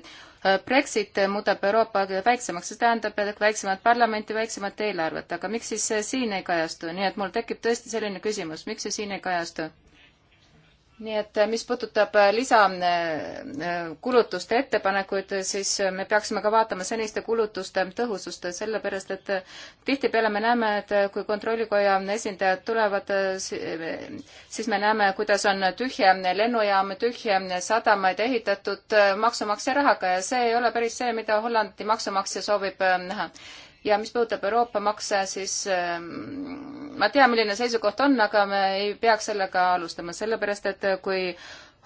Brexit muudab Euroopa väiksemaks, see tähendab väiksemat parlamenti, väiksemat eelarvet, aga miks siis siin ei kajastu, nii et mul tekib tõesti selline küsimus, miks see siin ei kajastu? nii et äh, mis puudutab äh, lisakulutuste äh, ettepanekuid, siis me peaksime ka vaatama seniste kulutuste tõhusust, sellepärast et tihtipeale me näeme, et kui Kontrollikoja esindajad tulevad, siis me näeme, kuidas on tühje lennujaam, tühje sadamaid ehitatud maksumaksja rahaga ja see ei ole päris see, mida Hollandi maksumaksja soovib näha ja mis puudutab Euroopa makse, siis ähm, ma tean, milline seisukoht on, aga me ei peaks sellega alustama, sellepärast et kui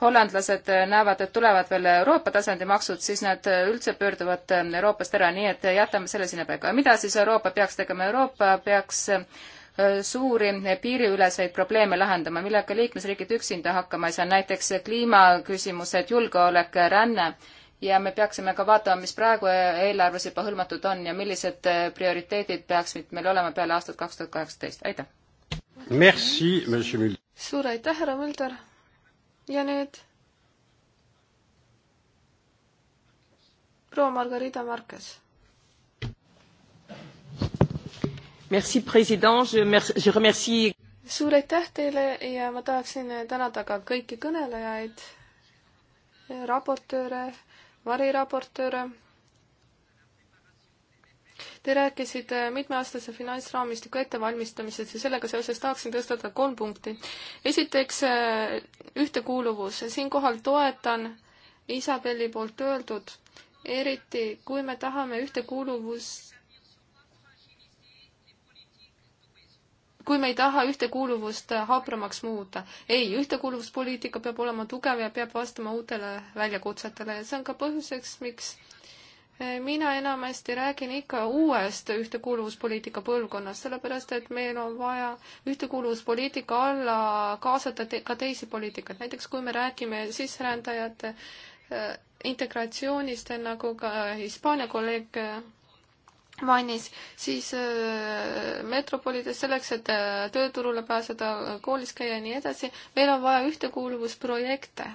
hollandlased näevad, et tulevad veel Euroopa tasandi maksud, siis nad üldse pöörduvad ähm, Euroopast ära, nii et jätame selle sinna paika. mida siis Euroopa peaks tegema? Euroopa peaks äh, suuri piiriüleseid probleeme lahendama, millega liikmesriigid üksinda hakkama ei saa, näiteks kliimaküsimused, julgeolek, ränne ja me peaksime ka vaatama, mis praegu eelarves juba hõlmatud on ja millised eh, prioriteedid peaksid meil olema peale aastat kaks tuhat kaheksateist, aitäh! Merci, monsieur Müld-. suur aitäh, härra Mölder! ja nüüd proua Margarita Marques. Merci, president, je remercie suur aitäh teile ja ma tahaksin tänada ka kõiki kõnelejaid, raportööre, variraportööre. Te rääkisite mitmeaastase finantsraamistiku ettevalmistamisest ja sellega seoses tahaksin tõstatada kolm punkti. esiteks ühtekuuluvus, siinkohal toetan Isabelli poolt öeldud, eriti kui me tahame ühtekuuluvust kui me ei taha ühtekuuluvust hapramaks muuta. ei, ühtekuuluvuspoliitika peab olema tugev ja peab vastama uutele väljakutsetele ja see on ka põhjuseks, miks mina enamasti räägin ikka uuest ühtekuuluvuspoliitika põlvkonnast, sellepärast et meil on vaja ühtekuuluvuspoliitika alla kaasata te ka teisi poliitikaid, näiteks kui me räägime sisserändajate äh, integratsioonist, nagu ka Hispaania kolleeg äh, vannis, siis äh, metropolides selleks, et äh, tööturule pääseda, äh, koolis käia ja nii edasi, meil on vaja ühtekuuluvusprojekte.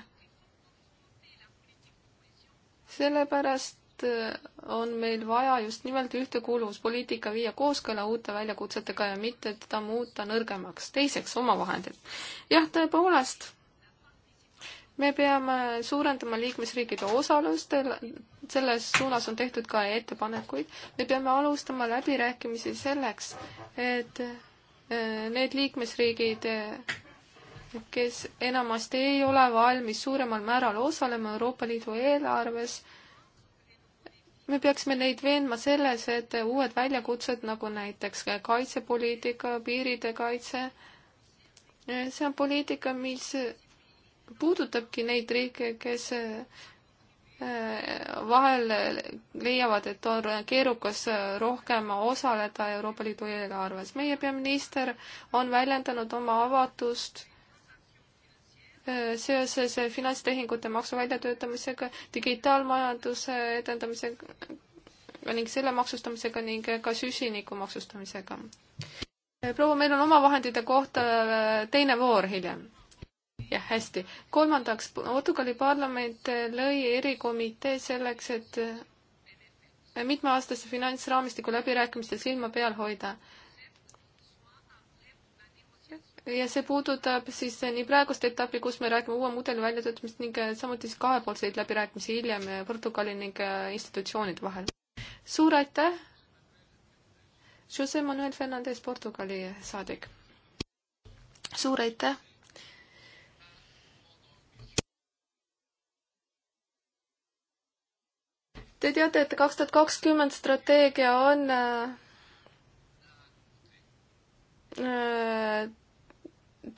sellepärast on meil vaja just nimelt ühtekuuluvuspoliitika viia kooskõla uute väljakutsetega ja mitte teda muuta nõrgemaks. teiseks, omavahendid. jah, tõepoolest me peame suurendama liikmesriikide osalust, selles suunas on tehtud ka ettepanekuid. me peame alustama läbirääkimisi selleks, et äh, need liikmesriigid, äh, kes enamasti ei ole valmis suuremal määral osalema Euroopa Liidu eelarves, me peaksime neid veenma selles, et uued väljakutsed nagu näiteks kaitsepoliitika, piiride kaitse, äh, see on poliitika, mis puudutabki neid riike, kes äh, vahel leiavad, et on keerukas rohkem osaleda Euroopa Liidu eelarves. meie peaminister on väljendanud oma avatust äh, seoses finantstehingute maksu väljatöötamisega, digitaalmajanduse edendamisega ning selle maksustamisega ning ka süsiniku maksustamisega. proua, meil on omavahendite kohta äh, teine voor hiljem jah, hästi. kolmandaks, Portugali parlament lõi erikomitee selleks, et mitmeaastase finantsraamistiku läbirääkimistel silma peal hoida. ja see puudutab siis nii praegust etappi, kus me räägime uue mudeli väljatöötamist ning samuti siis kahepoolseid läbirääkimisi hiljem Portugali ning institutsioonide vahel. suur aitäh! Jose Manuel Fernandez, Portugali saadik. suur aitäh! Te teate, et kaks tuhat kakskümmend strateegia on äh, äh,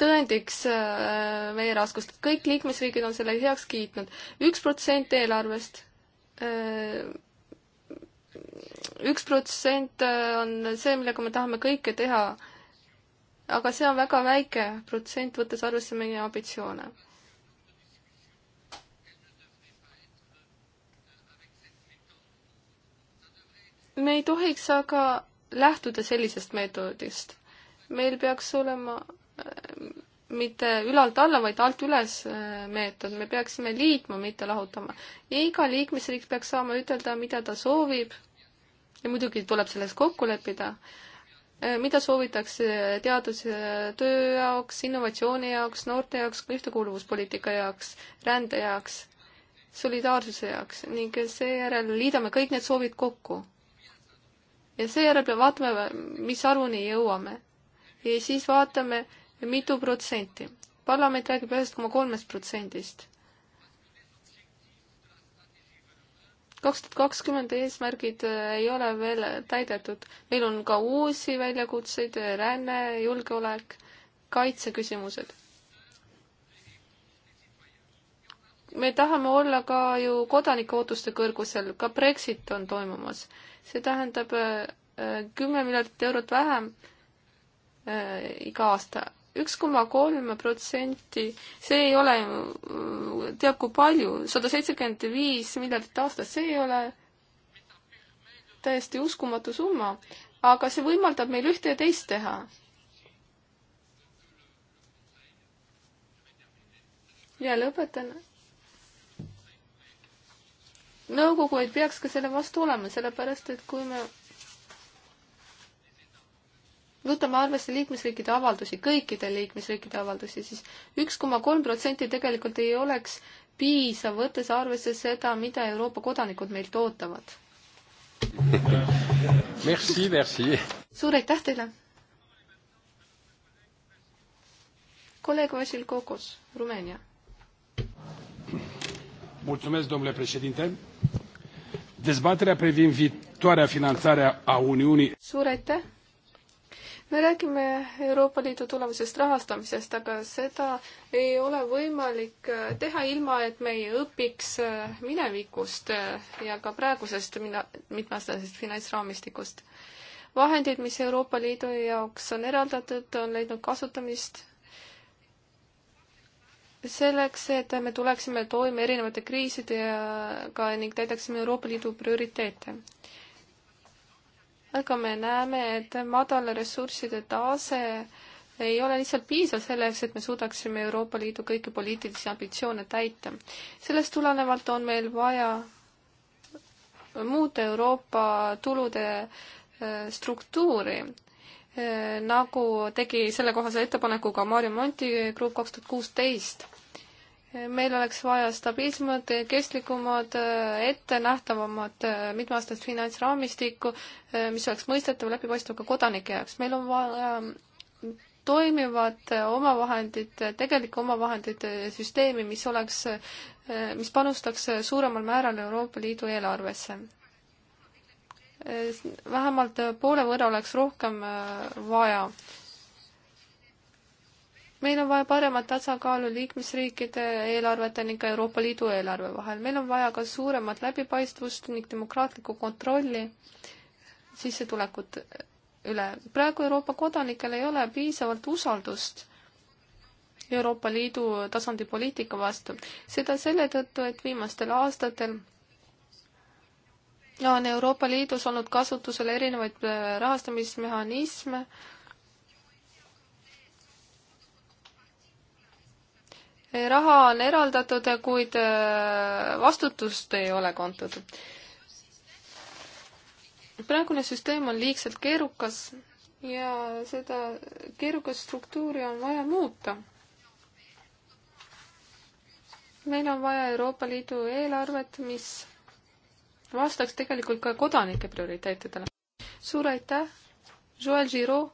tõendiks äh, meie raskust, kõik liikmesriigid on selle heaks kiitnud. üks protsent eelarvest, üks protsent on see, millega me tahame kõike teha. aga see on väga väike protsent, võttes arvesse meie ambitsioone me ei tohiks aga lähtuda sellisest meetodist. meil peaks olema äh, mitte ülalt alla, vaid alt üles äh, meetod, me peaksime liitma, mitte lahutama. ja iga liikmesriik peaks saama ütelda, mida ta soovib ja muidugi tuleb selles kokku leppida, äh, mida soovitakse teadustöö jaoks, innovatsiooni jaoks, noorte jaoks, ühtekuuluvuspoliitika jaoks, rände jaoks, solidaarsuse jaoks ning seejärel liidame kõik need soovid kokku ja seejärel peame vaatama, mis arvuni jõuame. ja siis vaatame, mitu protsenti. parlament räägib ühest koma kolmest protsendist. kaks tuhat kakskümmend eesmärgid äh, ei ole veel täidetud. meil on ka uusi väljakutseid, ränne, julgeolek, kaitseküsimused. me tahame olla ka ju kodanike ootuste kõrgusel, ka Brexit on toimumas see tähendab äh, äh, kümme miljardit eurot vähem äh, iga aasta. üks koma kolm protsenti, see ei ole teab kui palju, sada seitsekümmend viis miljardit aastas, see ei ole täiesti uskumatu summa, aga see võimaldab meil ühte ja teist teha. ja lõpetan nõukogu ei peaks ka selle vastu olema, sellepärast et kui me võtame arvesse liikmesriikide avaldusi, kõikide liikmesriikide avaldusi, siis üks koma kolm protsenti tegelikult ei oleks piisav, võttes arvesse seda, mida Euroopa kodanikud meilt ootavad. Merci, merci. suur aitäh teile. kolleeg Vasil Kokos, Rumeenia. mulțumesc, domnule președinte Dezbaterea privind viitoarea finanțare a Uniunii. suur aitäh! me räägime Euroopa Liidu tulevasest rahastamisest, aga seda ei ole võimalik äh, teha ilma, et me ei õpiks äh, minevikust äh, ja ka praegusest mitmeaastasest finantsraamistikust. vahendid, mis Euroopa Liidu jaoks on eraldatud, on leidnud kasutamist selleks, et me tuleksime toime erinevate kriisidega ning täidaksime Euroopa Liidu prioriteete. aga me näeme, et madala ressursside tase ei ole lihtsalt piisav selleks, et me suudaksime Euroopa Liidu kõiki poliitilisi ambitsioone täita. sellest tulenevalt on meil vaja muuta Euroopa tulude eh, struktuuri Äh, nagu tegi sellekohase ettepaneku ka Maarja Monti Grupp kaks tuhat kuusteist. Äh, meil oleks vaja stabiilsemad, kestlikumad, äh, ettenähtavamad mitmeaastast finantsraamistikku, mis oleks mõistetav, läbipaistev ka kodanike jaoks. meil on vaja toimivat omavahendite, tegelike omavahendite süsteemi, mis oleks, mis panustaks suuremal määral Euroopa Liidu eelarvesse vähemalt poole võrra oleks rohkem äh, vaja. meil on vaja paremat tasakaalu liikmesriikide eelarvete ning ka Euroopa Liidu eelarve vahel. meil on vaja ka suuremat läbipaistvust ning demokraatlikku kontrolli sissetulekut üle. praegu Euroopa kodanikel ei ole piisavalt usaldust Euroopa Liidu tasandi poliitika vastu. seda selle tõttu, et viimastel aastatel on Euroopa Liidus olnud kasutusel erinevaid äh, rahastamismehhanisme, raha on eraldatud, kuid äh, vastutust ei ole kantud. praegune süsteem on liigselt keerukas ja seda keerukast struktuuri on vaja muuta. meil on vaja Euroopa Liidu eelarvet, mis vastaks tegelikult ka kodanike prioriteetidele. suur aitäh, Joel Giraud.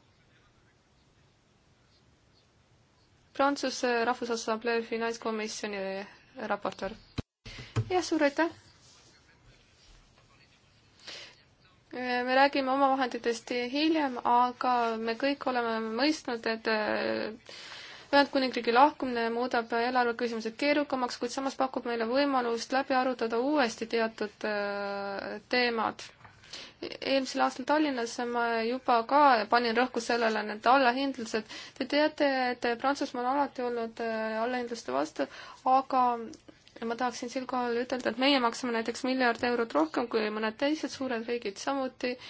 Prantsuse Rahvusassamblee finantskomisjoni raportöör. jah, suur aitäh. me räägime omavahenditest hiljem, aga me kõik oleme mõistnud, et Ühendkuningriigi lahkumine muudab eelarveküsimused keerukamaks, kuid samas pakub meile võimalust läbi arutada uuesti teatud äh, teemad. eelmisel aastal Tallinnas ma juba ka panin rõhku sellele need allahindlused. Te teate, et Prantsusmaa on alati olnud äh, allahindluste vastu, aga ma tahaksin siinkohal ütelda, et meie maksame näiteks miljard eurot rohkem kui mõned teised suured riigid, samuti äh,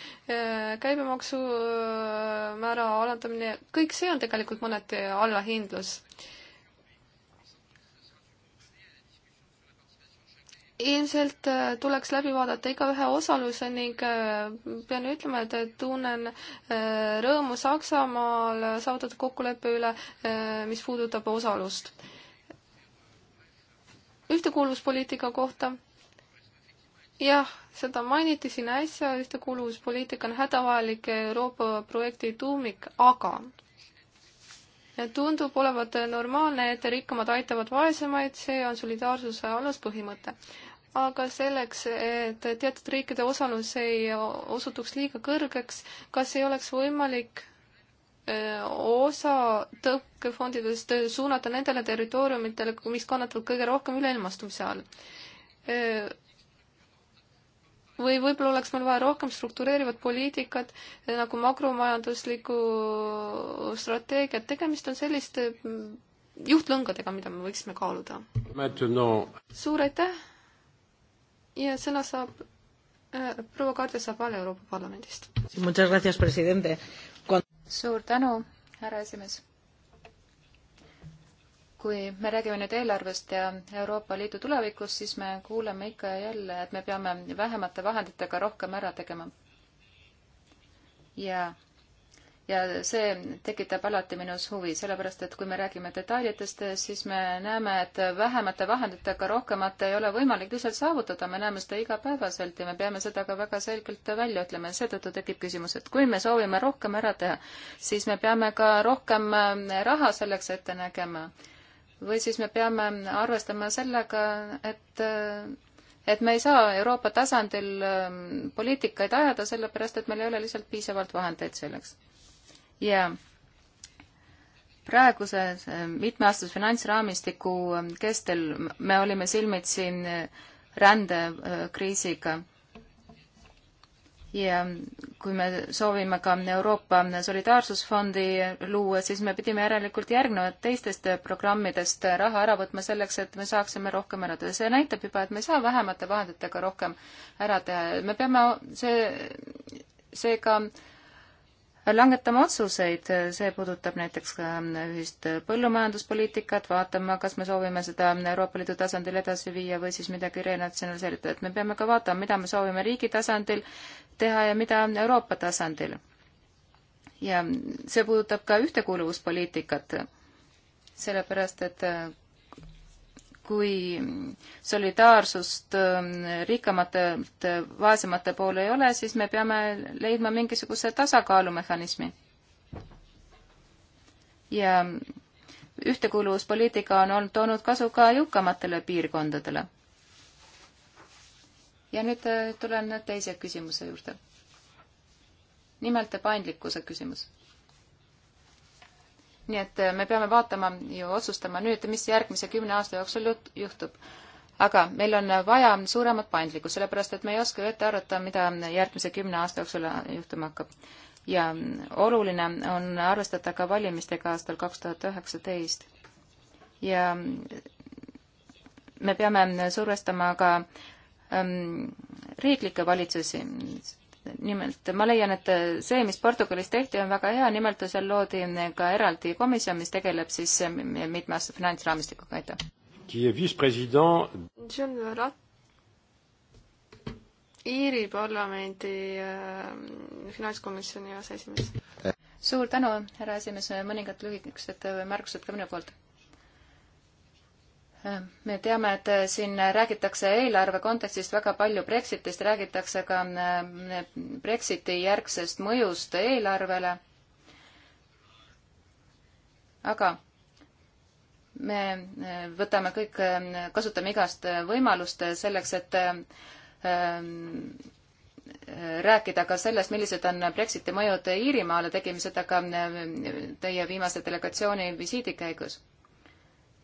käibemaksumäära äh, alandamine, kõik see on tegelikult mõneti allahindlus. ilmselt äh, tuleks läbi vaadata igaühe osaluse ning pean ütlema, et tunnen rõõmu Saksamaal saavutatud kokkuleppe üle, mis puudutab osalust ühtekuuluvuspoliitika kohta. jah, seda mainiti siin äsja, ühtekuuluvuspoliitika on hädavajalik Euroopa projekti tuumik, aga tundub olevat normaalne, et rikkamad aitavad vaesemaid, see on solidaarsuse aluspõhimõte. aga selleks, et teatud riikide osalus ei osutuks liiga kõrgeks, kas ei oleks võimalik osa tõukefondidest suunata nendele territooriumitele, mis kannatavad kõige rohkem üleilmastumise all. või võib-olla oleks meil vaja rohkem struktureerivat poliitikat nagu makromajanduslikku strateegiat, tegemist on selliste juhtlõngadega, mida me võiksime kaaluda. suur aitäh ja sõna saab äh, proua Kardja Sabal Euroopa Parlamendist suur tänu, härra esimees. kui me räägime nüüd eelarvest ja Euroopa Liidu tulevikust, siis me kuuleme ikka ja jälle, et me peame vähemate vahenditega rohkem ära tegema. ja ja see tekitab alati minus huvi, sellepärast et kui me räägime detailidest, siis me näeme, et vähemate vahenditega rohkemat ei ole võimalik lihtsalt saavutada, me näeme seda igapäevaselt ja me peame seda ka väga selgelt välja ütlema ja seetõttu tekib küsimus, et kui me soovime rohkem ära teha, siis me peame ka rohkem eh, raha selleks ette nägema. või siis me peame arvestama sellega, et eh, et me ei saa Euroopa tasandil eh, poliitikaid ajada, sellepärast et meil ei ole lihtsalt piisavalt vahendeid selleks ja praeguse eh, mitmeaastase finantsraamistiku eh, kestel me olime silmitsi eh, rändekriisiga ja kui me soovime ka Euroopa Solidaarsusfondi luua, siis me pidime järelikult järgnevat teistest programmidest raha ära võtma selleks, et me saaksime rohkem ära teha. see näitab juba, et me ei saa vähemate vahenditega rohkem ära teha. me peame see, seega ka langetama otsuseid, see puudutab näiteks ka ähm, ühist põllumajanduspoliitikat, vaatama, kas me soovime seda Euroopa Liidu tasandil edasi viia või siis midagi renatsionaliseerida, et me peame ka vaatama, mida me soovime riigi tasandil teha ja mida Euroopa tasandil. ja see puudutab ka ühtekuuluvuspoliitikat, sellepärast et äh, kui solidaarsust ähm, rikkamatelt äh, vaesemate poole ei ole, siis me peame leidma mingisuguse tasakaalumehhanismi. ja ühtekuuluvuspoliitika on olnud, toonud kasu ka jõukamatele piirkondadele. ja nüüd äh, tulen teise küsimuse juurde. nimelt paindlikkuse küsimus nii et äh, me peame vaatama ja otsustama nüüd, mis järgmise kümne aasta jooksul juhtub. aga meil on vaja suuremat paindlikkust, sellepärast et me ei oska ju ette arvata, mida järgmise kümne aasta jooksul äh, juhtuma hakkab. ja mm, oluline on arvestada ka valimistega aastal kaks tuhat üheksateist. ja mm, me peame survestama ka ähm, riiklikke valitsusi nimelt ma leian, et see, mis Portugalis tehti, on väga hea, nimelt seal loodi ka eraldi komisjon, mis tegeleb siis mitmeaastase finantsraamistikuga, aitäh. John Verrat, Iiri parlamendi äh, finantskomisjoni aseesimees. suur tänu, härra esimees, mõningad lühikesed äh, märkused ka minu poolt me teame, et siin räägitakse eelarve kontekstist väga palju Brexitist, räägitakse ka äh, Brexiti järgsest mõjust eelarvele. aga me äh, võtame kõik, äh, kasutame igast võimalust selleks, et rääkida ka sellest, millised on Brexiti mõjud Iirimaale, tegime seda ka teie viimase delegatsiooni visiidi käigus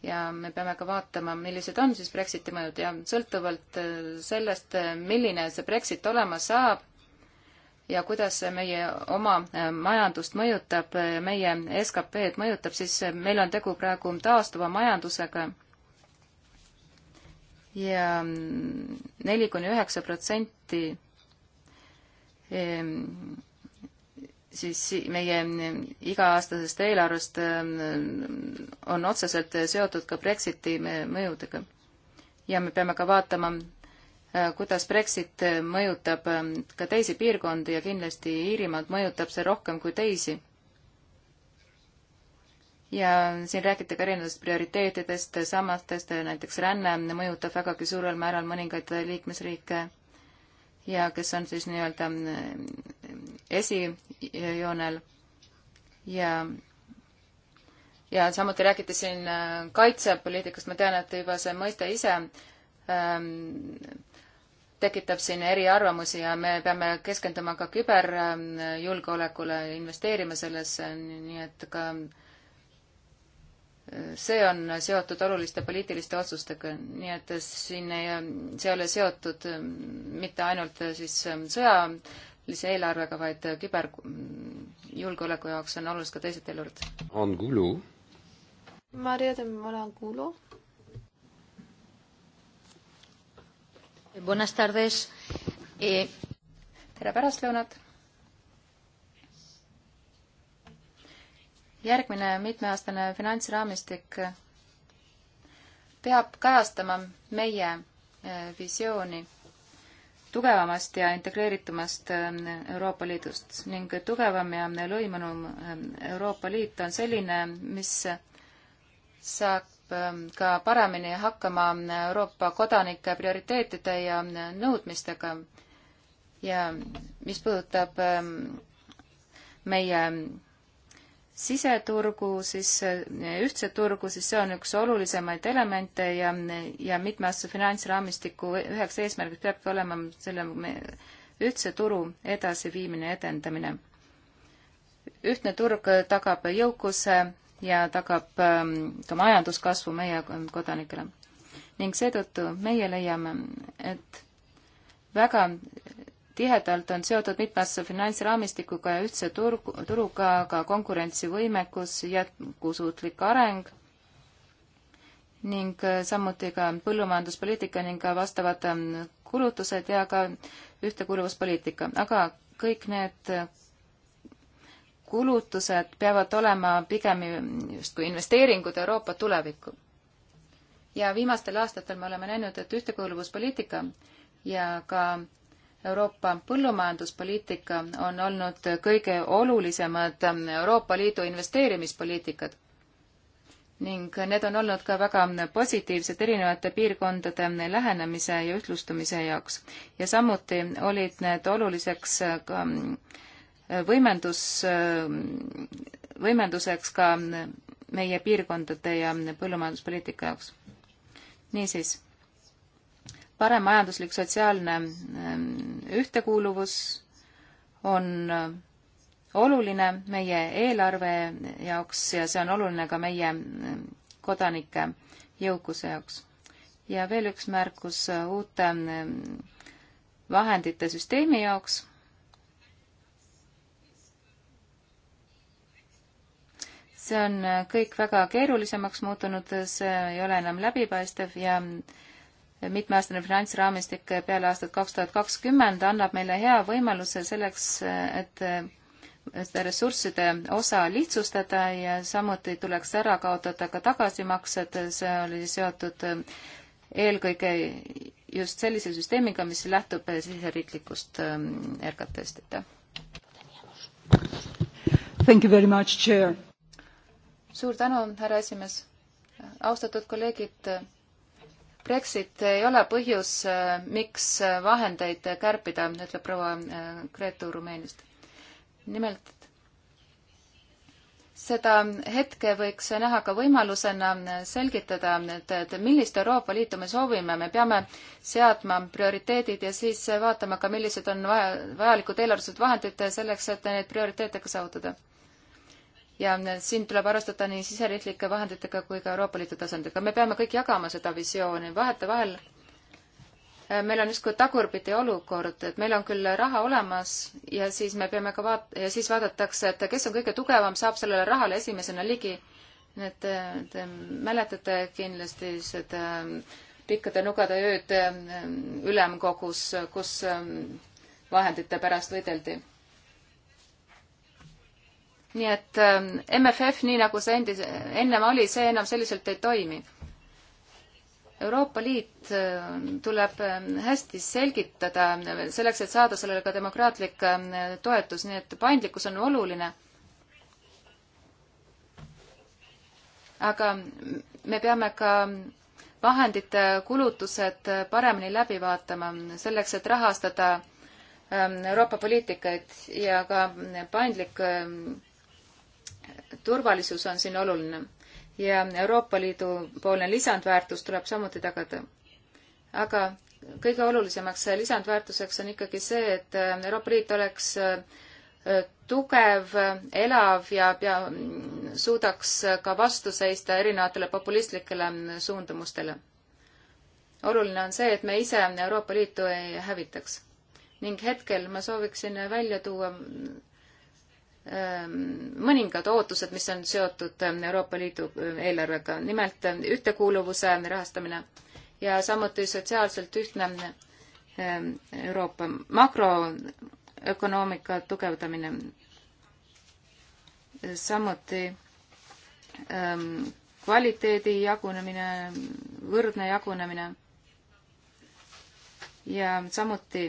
ja me peame ka vaatama, millised on siis Brexiti mõjud ja sõltuvalt äh, sellest, äh, milline see Brexit olema saab ja kuidas see meie oma äh, majandust mõjutab, meie SKP-d mõjutab, siis meil on tegu praegu taastuva majandusega ja mm, neli kuni üheksa protsenti siis meie iga-aastasest eelarvest ähm, on otseselt seotud ka Brexiti mõjudega. ja me peame ka vaatama, äh, kuidas Brexit mõjutab ähm, ka teisi piirkondi ja kindlasti Iirimaad mõjutab see rohkem kui teisi. ja siin räägiti ka erinevatest prioriteetidest, samadest, näiteks ränne mõjutab vägagi suurel määral mõningaid liikmesriike ja kes on siis nii-öelda mm, esijoonel ja ja samuti räägiti siin äh, kaitsepoliitikast, ma tean, et juba see mõiste ise ähm, tekitab siin eriarvamusi ja me peame keskenduma ka küberjulgeolekule, investeerima sellesse, nii et ka äh, see on seotud oluliste poliitiliste otsustega, nii et siin ei, see ei ole seotud ähm, mitte ainult äh, siis ähm, sõjalise eelarvega, vaid äh, küberjulgeoleku jaoks on olulised ka teised telurid. on kulu? Maria de Marangulo. Buenas tardes eh.... tere pärastlõunat järgmine mitmeaastane finantsraamistik peab kajastama meie eh, visiooni tugevamast ja integreeritumast eh, Euroopa Liidust ning tugevam ja lõimunum eh, Euroopa Liit on selline, mis saab ka paremini hakkama Euroopa kodanike prioriteetide ja nõudmistega ja mis puudutab meie siseturgu, siis eh, ühtset turgu, siis see on üks olulisemaid elemente ja, ja mitmeaastase finantsraamistiku üheks eesmärgiks peabki olema selle ühtse turu edasiviimine, edendamine. ühtne turg tagab jõukuse ja tagab ähm, ka majanduskasvu meie kodanikele. ning seetõttu meie leiame, et väga tihedalt on seotud mitmesse finantsraamistikuga ja ühtse turgu, turuga, ka konkurentsivõimekus, jätkusuutlik areng ning äh, samuti ka põllumajanduspoliitika ning ka vastavad ähm, kulutused ja ka ühtekuuluvuspoliitika, aga kõik need äh, kulutused peavad olema pigem justkui investeeringud Euroopa tulevikku. ja viimastel aastatel me oleme näinud, et ühtekuuluvuspoliitika ja ka Euroopa põllumajanduspoliitika on olnud kõige olulisemad Euroopa Liidu investeerimispoliitikad ning need on olnud ka väga positiivsed erinevate piirkondade lähenemise ja ühtlustumise jaoks. ja samuti olid need oluliseks ka mm, võimendus, mm, võimenduseks ka meie piirkondade ja põllumajanduspoliitika jaoks. niisiis parem majanduslik sotsiaalne ähm, ühtekuuluvus on äh, oluline meie eelarve jaoks ja see on oluline ka meie ähm, kodanike jõukuse jaoks. ja veel üks märkus äh, uute ähm, vahendite süsteemi jaoks. see on äh, kõik väga keerulisemaks muutunud, see ei ole enam läbipaistev ja äh, mitmeaastane finantsraamistik peale aastat kaks tuhat kakskümmend annab meile hea võimaluse selleks, et seda ressursside osa lihtsustada ja samuti tuleks ära kaotada ka tagasimaksed, see oli seotud eelkõige just sellise süsteemiga, mis lähtub siseriiklikust ähm, RKT-st, aitäh. suur tänu, härra esimees. austatud kolleegid Brexit ei ole põhjus, äh, miks äh, vahendeid äh, kärpida, ütleb proua Gretu Rumeeniast. nimelt seda hetke võiks näha ka võimalusena selgitada, et, et millist Euroopa Liitu me soovime, me peame seadma prioriteedid ja siis vaatama ka, millised on vaja, vajalikud eelarvelised vahendid selleks, et neid prioriteete ka saavutada ja siin tuleb arvestada nii siseriiklike vahenditega kui ka Euroopa Liidu tasandiga. me peame kõik jagama seda visiooni, vahetevahel eh, meil on justkui tagurpidi olukord, et meil on küll raha olemas ja siis me peame ka vaat-, ja siis vaadatakse, et kes on kõige tugevam, saab sellele rahale esimesena ligi. nii et eh, te mäletate kindlasti seda eh, pikkade nugade ööd ülemkogus, kus vahendite pärast võideldi nii et MFF, ähm, nii nagu see endis, ennem oli, see enam selliselt ei toimi. Euroopa Liit ähm, tuleb ähm, hästi selgitada äh, selleks, et saada sellele ka demokraatlik toetus, nii et paindlikkus on oluline. aga me peame ka vahendite kulutused paremini läbi vaatama, selleks et rahastada Euroopa poliitikaid ja ka paindlik turvalisus on siin oluline ja Euroopa Liidu poolne lisandväärtus tuleb samuti tagada. aga kõige olulisemaks lisandväärtuseks on ikkagi see, et Euroopa Liit oleks äh, tugev, elav ja pea, suudaks ka vastu seista erinevatele populistlikele suundumustele. oluline on see, et me ise Euroopa Liitu ei hävitaks. ning hetkel ma sooviksin välja tuua Ehm, mõningad ootused, mis on seotud ehm, Euroopa Liidu ehm, eelarvega, nimelt ühtekuuluvuse rahastamine ja samuti sotsiaalselt ühtne Euroopa makroökonoomika tugevdamine. samuti kvaliteedi jagunemine, võrdne jagunemine ja samuti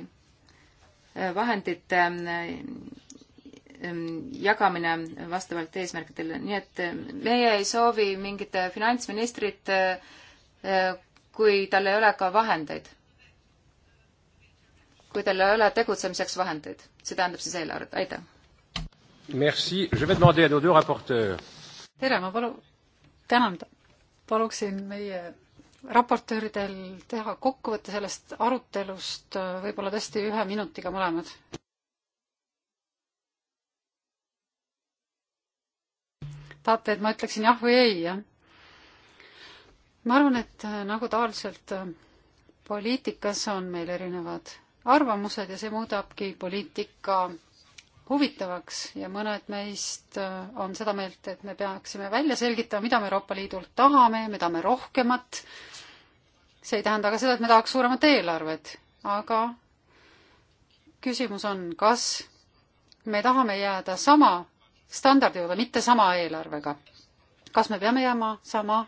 vahendite Ähm, jagamine vastavalt eesmärkidele, nii et äh, meie ei soovi mingit äh, finantsministrit, äh, kui tal ei ole ka vahendeid. kui tal ei ole tegutsemiseks vahendeid, see tähendab siis eelarvet, aitäh. Merci, je vais demander à nos deux rapporteurs. tere, ma palu-, tänan, paluksin meie raportööridel teha kokkuvõte sellest arutelust, võib-olla tõesti ühe minutiga mõlemad. tahate, et ma ütleksin jah või ei, jah? ma arvan, et äh, nagu tavaliselt äh, poliitikas on meil erinevad arvamused ja see muudabki poliitika huvitavaks ja mõned meist äh, on seda meelt, et me peaksime välja selgitama, mida me Euroopa Liidult tahame, me tahame rohkemat. see ei tähenda ka seda, et me tahaks suuremat eelarvet, aga küsimus on, kas me tahame jääda sama standardi juurde, mitte sama eelarvega. kas me peame jääma sama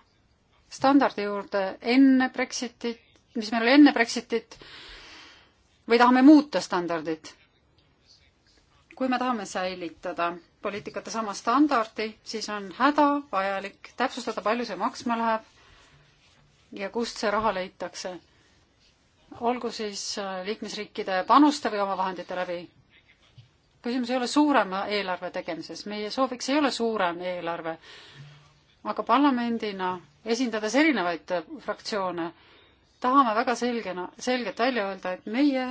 standardi juurde enne Brexitit, mis meil oli enne Brexitit, või tahame muuta standardit? kui me tahame säilitada poliitikate sama standardi, siis on hädavajalik täpsustada, palju see maksma läheb ja kust see raha leitakse. olgu siis liikmesriikide panuste või omavahendite läbi küsimus ei ole suurema eelarve tegemises, meie sooviks ei ole suurem eelarve, aga parlamendina, esindades erinevaid fraktsioone, tahame väga selgena, selgelt välja öelda, et meie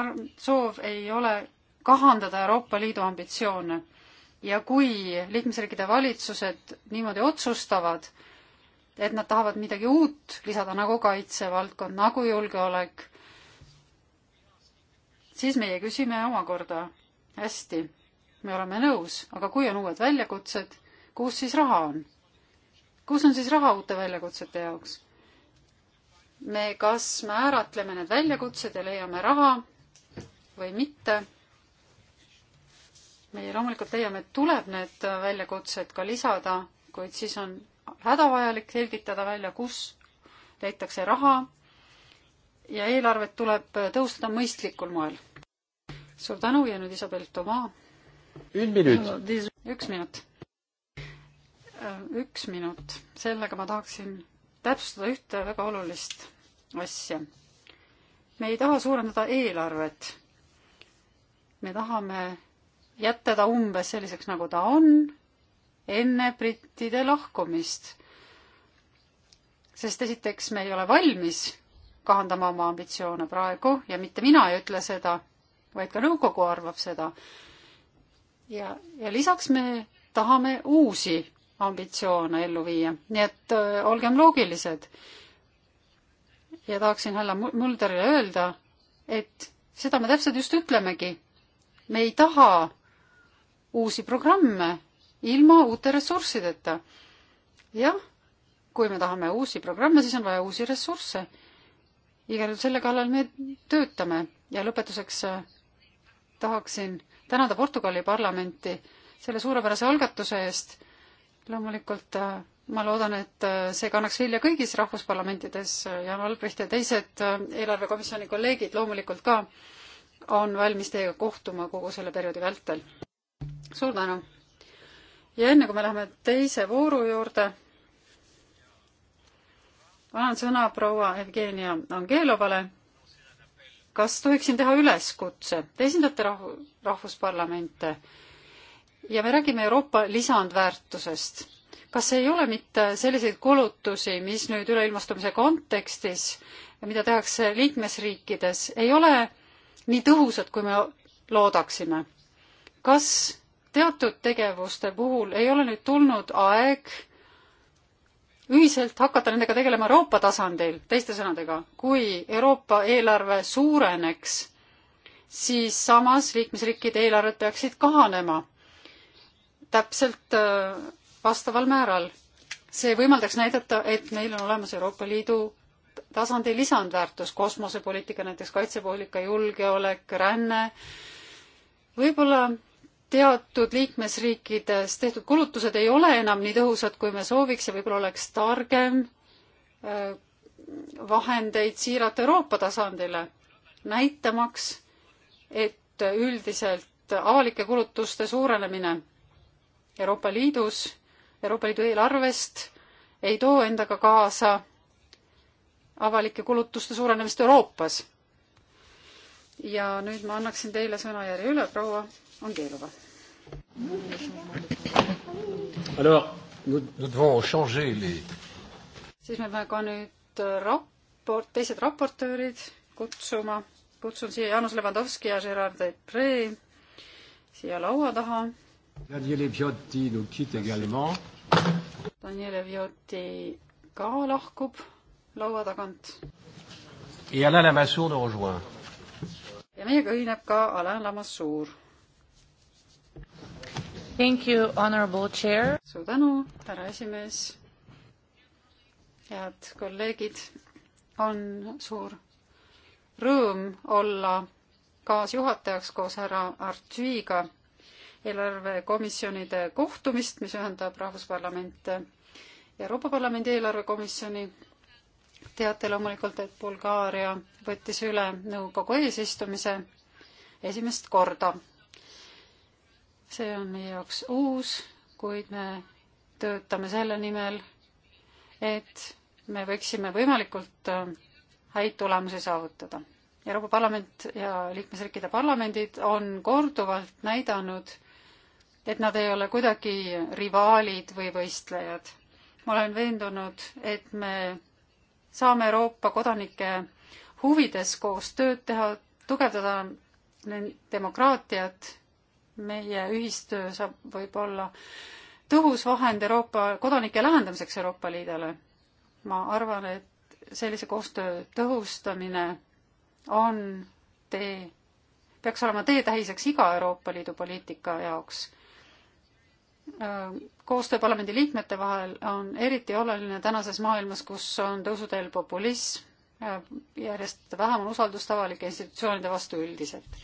arv, soov ei ole kahandada Euroopa Liidu ambitsioone. ja kui liikmesriikide valitsused niimoodi otsustavad, et nad tahavad midagi uut lisada, nagu kaitsevaldkond, nagu julgeolek, siis meie küsime omakorda, hästi, me oleme nõus, aga kui on uued väljakutsed, kus siis raha on? kus on siis raha uute väljakutsete jaoks? me kas määratleme need väljakutsed ja leiame raha või mitte. meie loomulikult leiame, et tuleb need väljakutsed ka lisada, kuid siis on hädavajalik selgitada välja, kus leitakse raha ja eelarvet tuleb tõustada mõistlikul moel suur tänu ja nüüd Isabel Toma. üks minut. Äh, üks minut, sellega ma tahaksin täpsustada ühte väga olulist asja. me ei taha suurendada eelarvet. me tahame jätta ta umbes selliseks, nagu ta on enne brittide lahkumist. sest esiteks me ei ole valmis kahandama oma ambitsioone praegu ja mitte mina ei ütle seda vaid ka nõukogu arvab seda. ja, ja lisaks me tahame uusi ambitsioone ellu viia, nii et öö, äh, olgem loogilised. ja tahaksin härra Mulderile öelda, et seda me täpselt just ütlemegi. me ei taha uusi programme ilma uute ressurssideta. jah, kui me tahame uusi programme, siis on vaja uusi ressursse. igal juhul selle kallal me töötame ja lõpetuseks äh, tahaksin tänada Portugali parlamenti selle suurepärase algatuse eest. loomulikult äh, ma loodan, et äh, see kannaks vilja kõigis rahvusparlamentides äh, ja Albrecht ja teised eelarvekomisjoni kolleegid loomulikult ka on valmis teiega kohtuma kogu selle perioodi vältel. suur tänu! ja enne kui me läheme teise vooru juurde, annan sõna proua Jevgenia Angelovale kas tohiksin teha üleskutse? Te esindate rahv-, rahvusparlamente ja me räägime Euroopa lisandväärtusest. kas ei ole mitte selliseid kulutusi, mis nüüd üleilmastumise kontekstis, mida tehakse liikmesriikides, ei ole nii tõhusad, kui me loodaksime? kas teatud tegevuste puhul ei ole nüüd tulnud aeg ühiselt hakata nendega tegelema Euroopa tasandil, teiste sõnadega, kui Euroopa eelarve suureneks, siis samas liikmesriikide eelarved peaksid kahanema täpselt äh, vastaval määral. see võimaldaks näidata, et meil on olemas Euroopa Liidu tasandi lisandväärtus, kosmosepoliitika, näiteks kaitsepoliitika, julgeolek, ränne, võib-olla teatud liikmesriikides tehtud kulutused ei ole enam nii tõhusad, kui me sooviks ja võib-olla oleks targem äh, vahendeid siirata Euroopa tasandile, näitamaks, et üldiselt avalike kulutuste suurenemine Euroopa Liidus, Euroopa Liidu eelarvest ei too endaga kaasa avalike kulutuste suurenemist Euroopas. ja nüüd ma annaksin teile sõnajärje üle, proua on keeluga. siis me peame ka nüüd äh, raport, teised raportöörid kutsuma. kutsun siia Jaanus Levandovski ja Gerard Depree siia laua taha. Daniele Viotti nous quitte également. Daniele Viotti ka lahkub laua tagant. ja Alain Lamassoure nous rejoint. ja meiega ühineb ka Alain Lamassoure Thank you, honorable chair. suur tänu, härra esimees. head kolleegid, on suur rõõm olla kaasjuhatajaks koos härra Artviga eelarvekomisjonide kohtumist, mis ühendab Rahvusparlamente ja Euroopa Parlamendi eelarvekomisjoni. teate loomulikult, et Bulgaaria võttis üle nõukogu eesistumise esimest korda see on meie jaoks uus, kuid me töötame selle nimel, et me võiksime võimalikult äh, häid tulemusi saavutada. Euroopa Parlament ja liikmesriikide parlamendid on korduvalt näidanud, et nad ei ole kuidagi rivaalid või võistlejad. ma olen veendunud, et me saame Euroopa kodanike huvides koos tööd teha, tugevdada demokraatiat meie ühistöö saab võib-olla tõhus vahend Euroopa, kodanike lähendamiseks Euroopa Liidule. ma arvan, et sellise koostöö tõhustamine on tee, peaks olema teetähiseks iga Euroopa Liidu poliitika jaoks koostöö parlamendi liikmete vahel on eriti oluline tänases maailmas, kus on tõusuteel populism, järjest vähem on usaldust avalike institutsioonide vastu üldiselt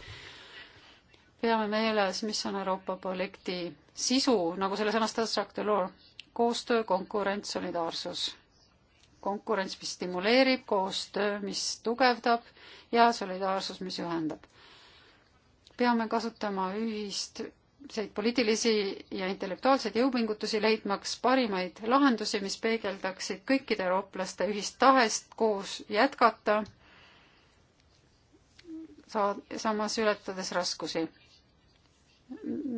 peame meeles, mis on Euroopa projekti sisu, nagu selle sõnast koostöö, konkurents, solidaarsus. konkurents, mis stimuleerib, koostöö, mis tugevdab ja solidaarsus, mis ühendab. peame kasutama ühist selliseid poliitilisi ja intellektuaalseid jõupingutusi, leidmaks parimaid lahendusi, mis peegeldaksid kõikide eurooplaste ühist tahest koos jätkata, saad, samas ületades raskusi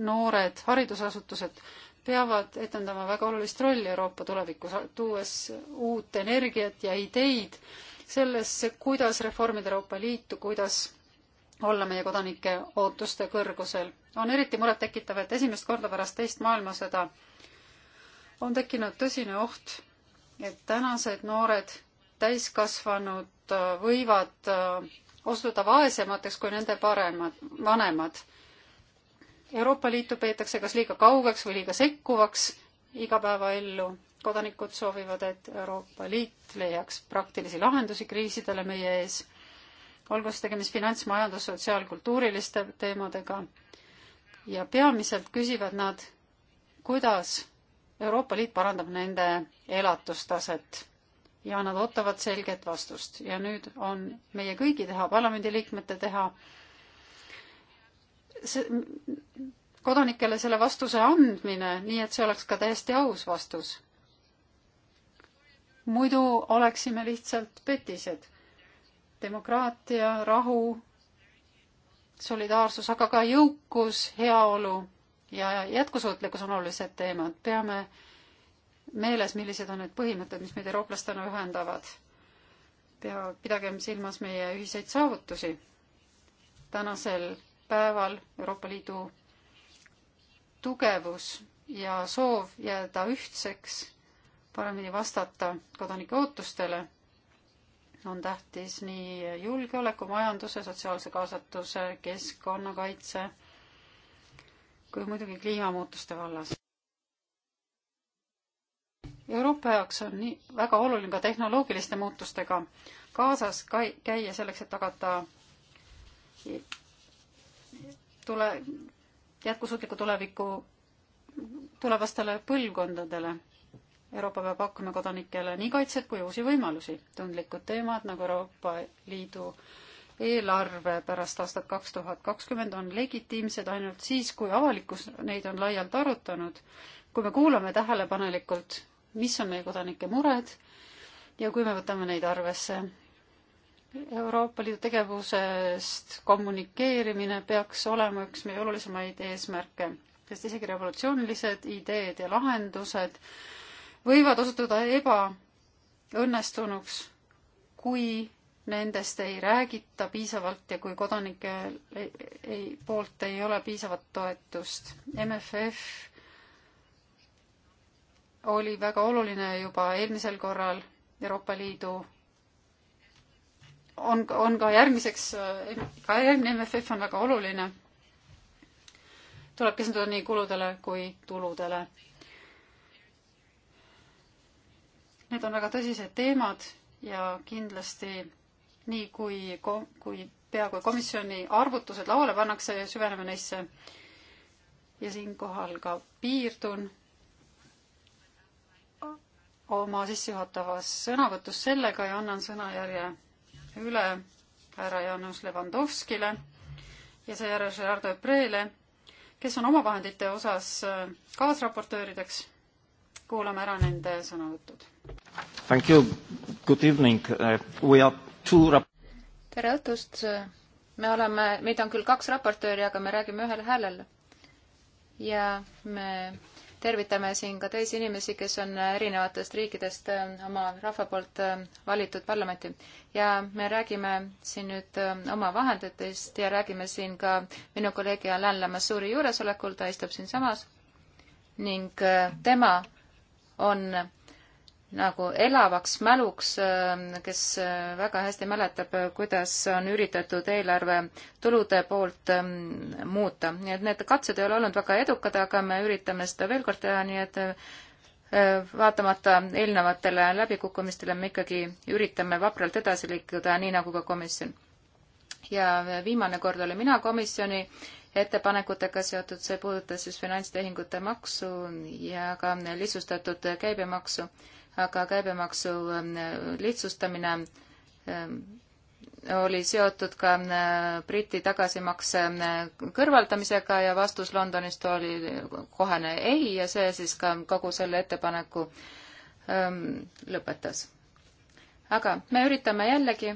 noored haridusasutused peavad etendama väga olulist rolli Euroopa tulevikus, tuues uut energiat ja ideid sellesse, kuidas reformida Euroopa Liitu, kuidas olla meie kodanike ootuste kõrgusel. on eriti murettekitav, et esimest korda pärast teist maailmasõda on tekkinud tõsine oht, et tänased noored täiskasvanud võivad äh, osutuda vaesemateks kui nende paremad, vanemad Euroopa Liitu peetakse kas liiga kaugeks või liiga sekkuvaks igapäevaellu. kodanikud soovivad, et Euroopa Liit leiaks praktilisi lahendusi kriisidele meie ees, olgu siis tegemist finants, majandus, sotsiaalkultuuriliste teemadega. ja peamiselt küsivad nad, kuidas Euroopa Liit parandab nende elatustaset ja nad ootavad selget vastust ja nüüd on meie kõigi teha, parlamendiliikmete teha kodanikele selle vastuse andmine, nii et see oleks ka täiesti aus vastus. muidu oleksime lihtsalt petised. demokraatia, rahu, solidaarsus, aga ka jõukus, heaolu ja jätkusuutlikkus on olulised teemad. peame meeles, millised on need põhimõtted, mis meid eurooplastena ühendavad. pea, pidagem silmas meie ühiseid saavutusi tänasel päeval Euroopa Liidu tugevus ja soov jääda ühtseks, paremini vastata kodanike ootustele, on tähtis nii julgeoleku, majanduse, sotsiaalse kaasatuse, keskkonnakaitse kui muidugi kliimamuutuste vallas. Euroopa jaoks on nii väga oluline ka tehnoloogiliste muutustega kaasas käia selleks, et tagada tule, jätkusuutliku tuleviku tulevastele põlvkondadele. Euroopa peab pakkuma kodanikele nii kaitset kui uusi võimalusi. tundlikud teemad nagu Euroopa Liidu eelarve pärast aastat kaks tuhat kakskümmend on legitiimsed ainult siis, kui avalikkus neid on laialt arutanud, kui me kuulame tähelepanelikult, mis on meie kodanike mured ja kui me võtame neid arvesse Euroopa Liidu tegevusest kommunikeerimine peaks olema üks meie olulisemaid eesmärke, sest isegi revolutsioonilised ideed ja lahendused võivad osutuda ebaõnnestunuks, kui nendest ei räägita piisavalt ja kui kodanike ei, ei, poolt ei ole piisavat toetust. MFF oli väga oluline juba eelmisel korral Euroopa Liidu on, on ka järgmiseks, ka järgmine MFF on väga oluline. tuleb keskenduda nii kuludele kui tuludele. Need on väga tõsised teemad ja kindlasti nii kui, kui pea, kui komisjoni arvutused lauale pannakse, süveneme neisse. ja siinkohal ka piirdun oma sissejuhatavas sõnavõtus sellega ja annan sõnajärje üle härra Jaanus Levandovskile ja seejärel Gerardo Epreele, kes on omavahendite osas äh, kaasraportöörideks. kuulame ära nende sõnavõtud. Thank you, good evening uh,, we are two rap-. tere õhtust, me oleme, meid on küll kaks raportööri, aga me räägime ühel häälel. ja me tervitame siin ka teisi inimesi, kes on erinevatest riikidest äh, oma rahva poolt äh, valitud parlamenti. ja me räägime siin nüüd äh, oma vahenditest ja räägime siin ka minu kolleegi Alain Lamassouri juuresolekul, ta istub siinsamas ning tema on nagu elavaks mäluks, ähm, kes äh, väga hästi mäletab, kuidas on üritatud eelarve tulude poolt ähm, muuta. nii et need katsed ei ole olnud väga edukad, aga me üritame seda veel kord teha, nii et äh, vaatamata eelnevatele läbikukkumistele me ikkagi üritame vapralt edasi liikuda, nii nagu ka komisjon. ja viimane kord olin mina komisjoni ettepanekutega seotud, see puudutas siis finantstehingute maksu ja ka lihtsustatud käibemaksu aga käibemaksu ähm, lihtsustamine ähm, oli seotud ka äh, Briti tagasimakse äh, kõrvaldamisega ja vastus Londonist oli kohene ei ja see siis ka kogu selle ettepaneku ähm, lõpetas. aga me üritame jällegi,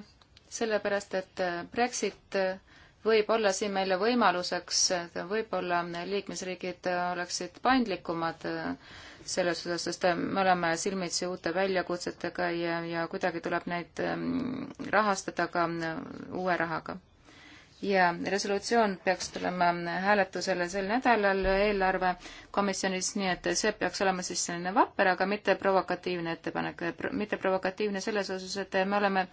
sellepärast et äh, Brexit võib olla siin meile võimaluseks, võib-olla liikmesriigid oleksid paindlikumad äh, selles osas, sest äh, me oleme silmitsi uute väljakutsetega ja, ja kuidagi tuleb neid ähm, rahastada ka äh, uue rahaga. ja resolutsioon peaks tulema äh, hääletusele sel nädalal eelarvekomisjonis, nii et see peaks olema siis selline vapper, aga mitte provokatiivne ettepanek, mitte provokatiivne selles osas, et me oleme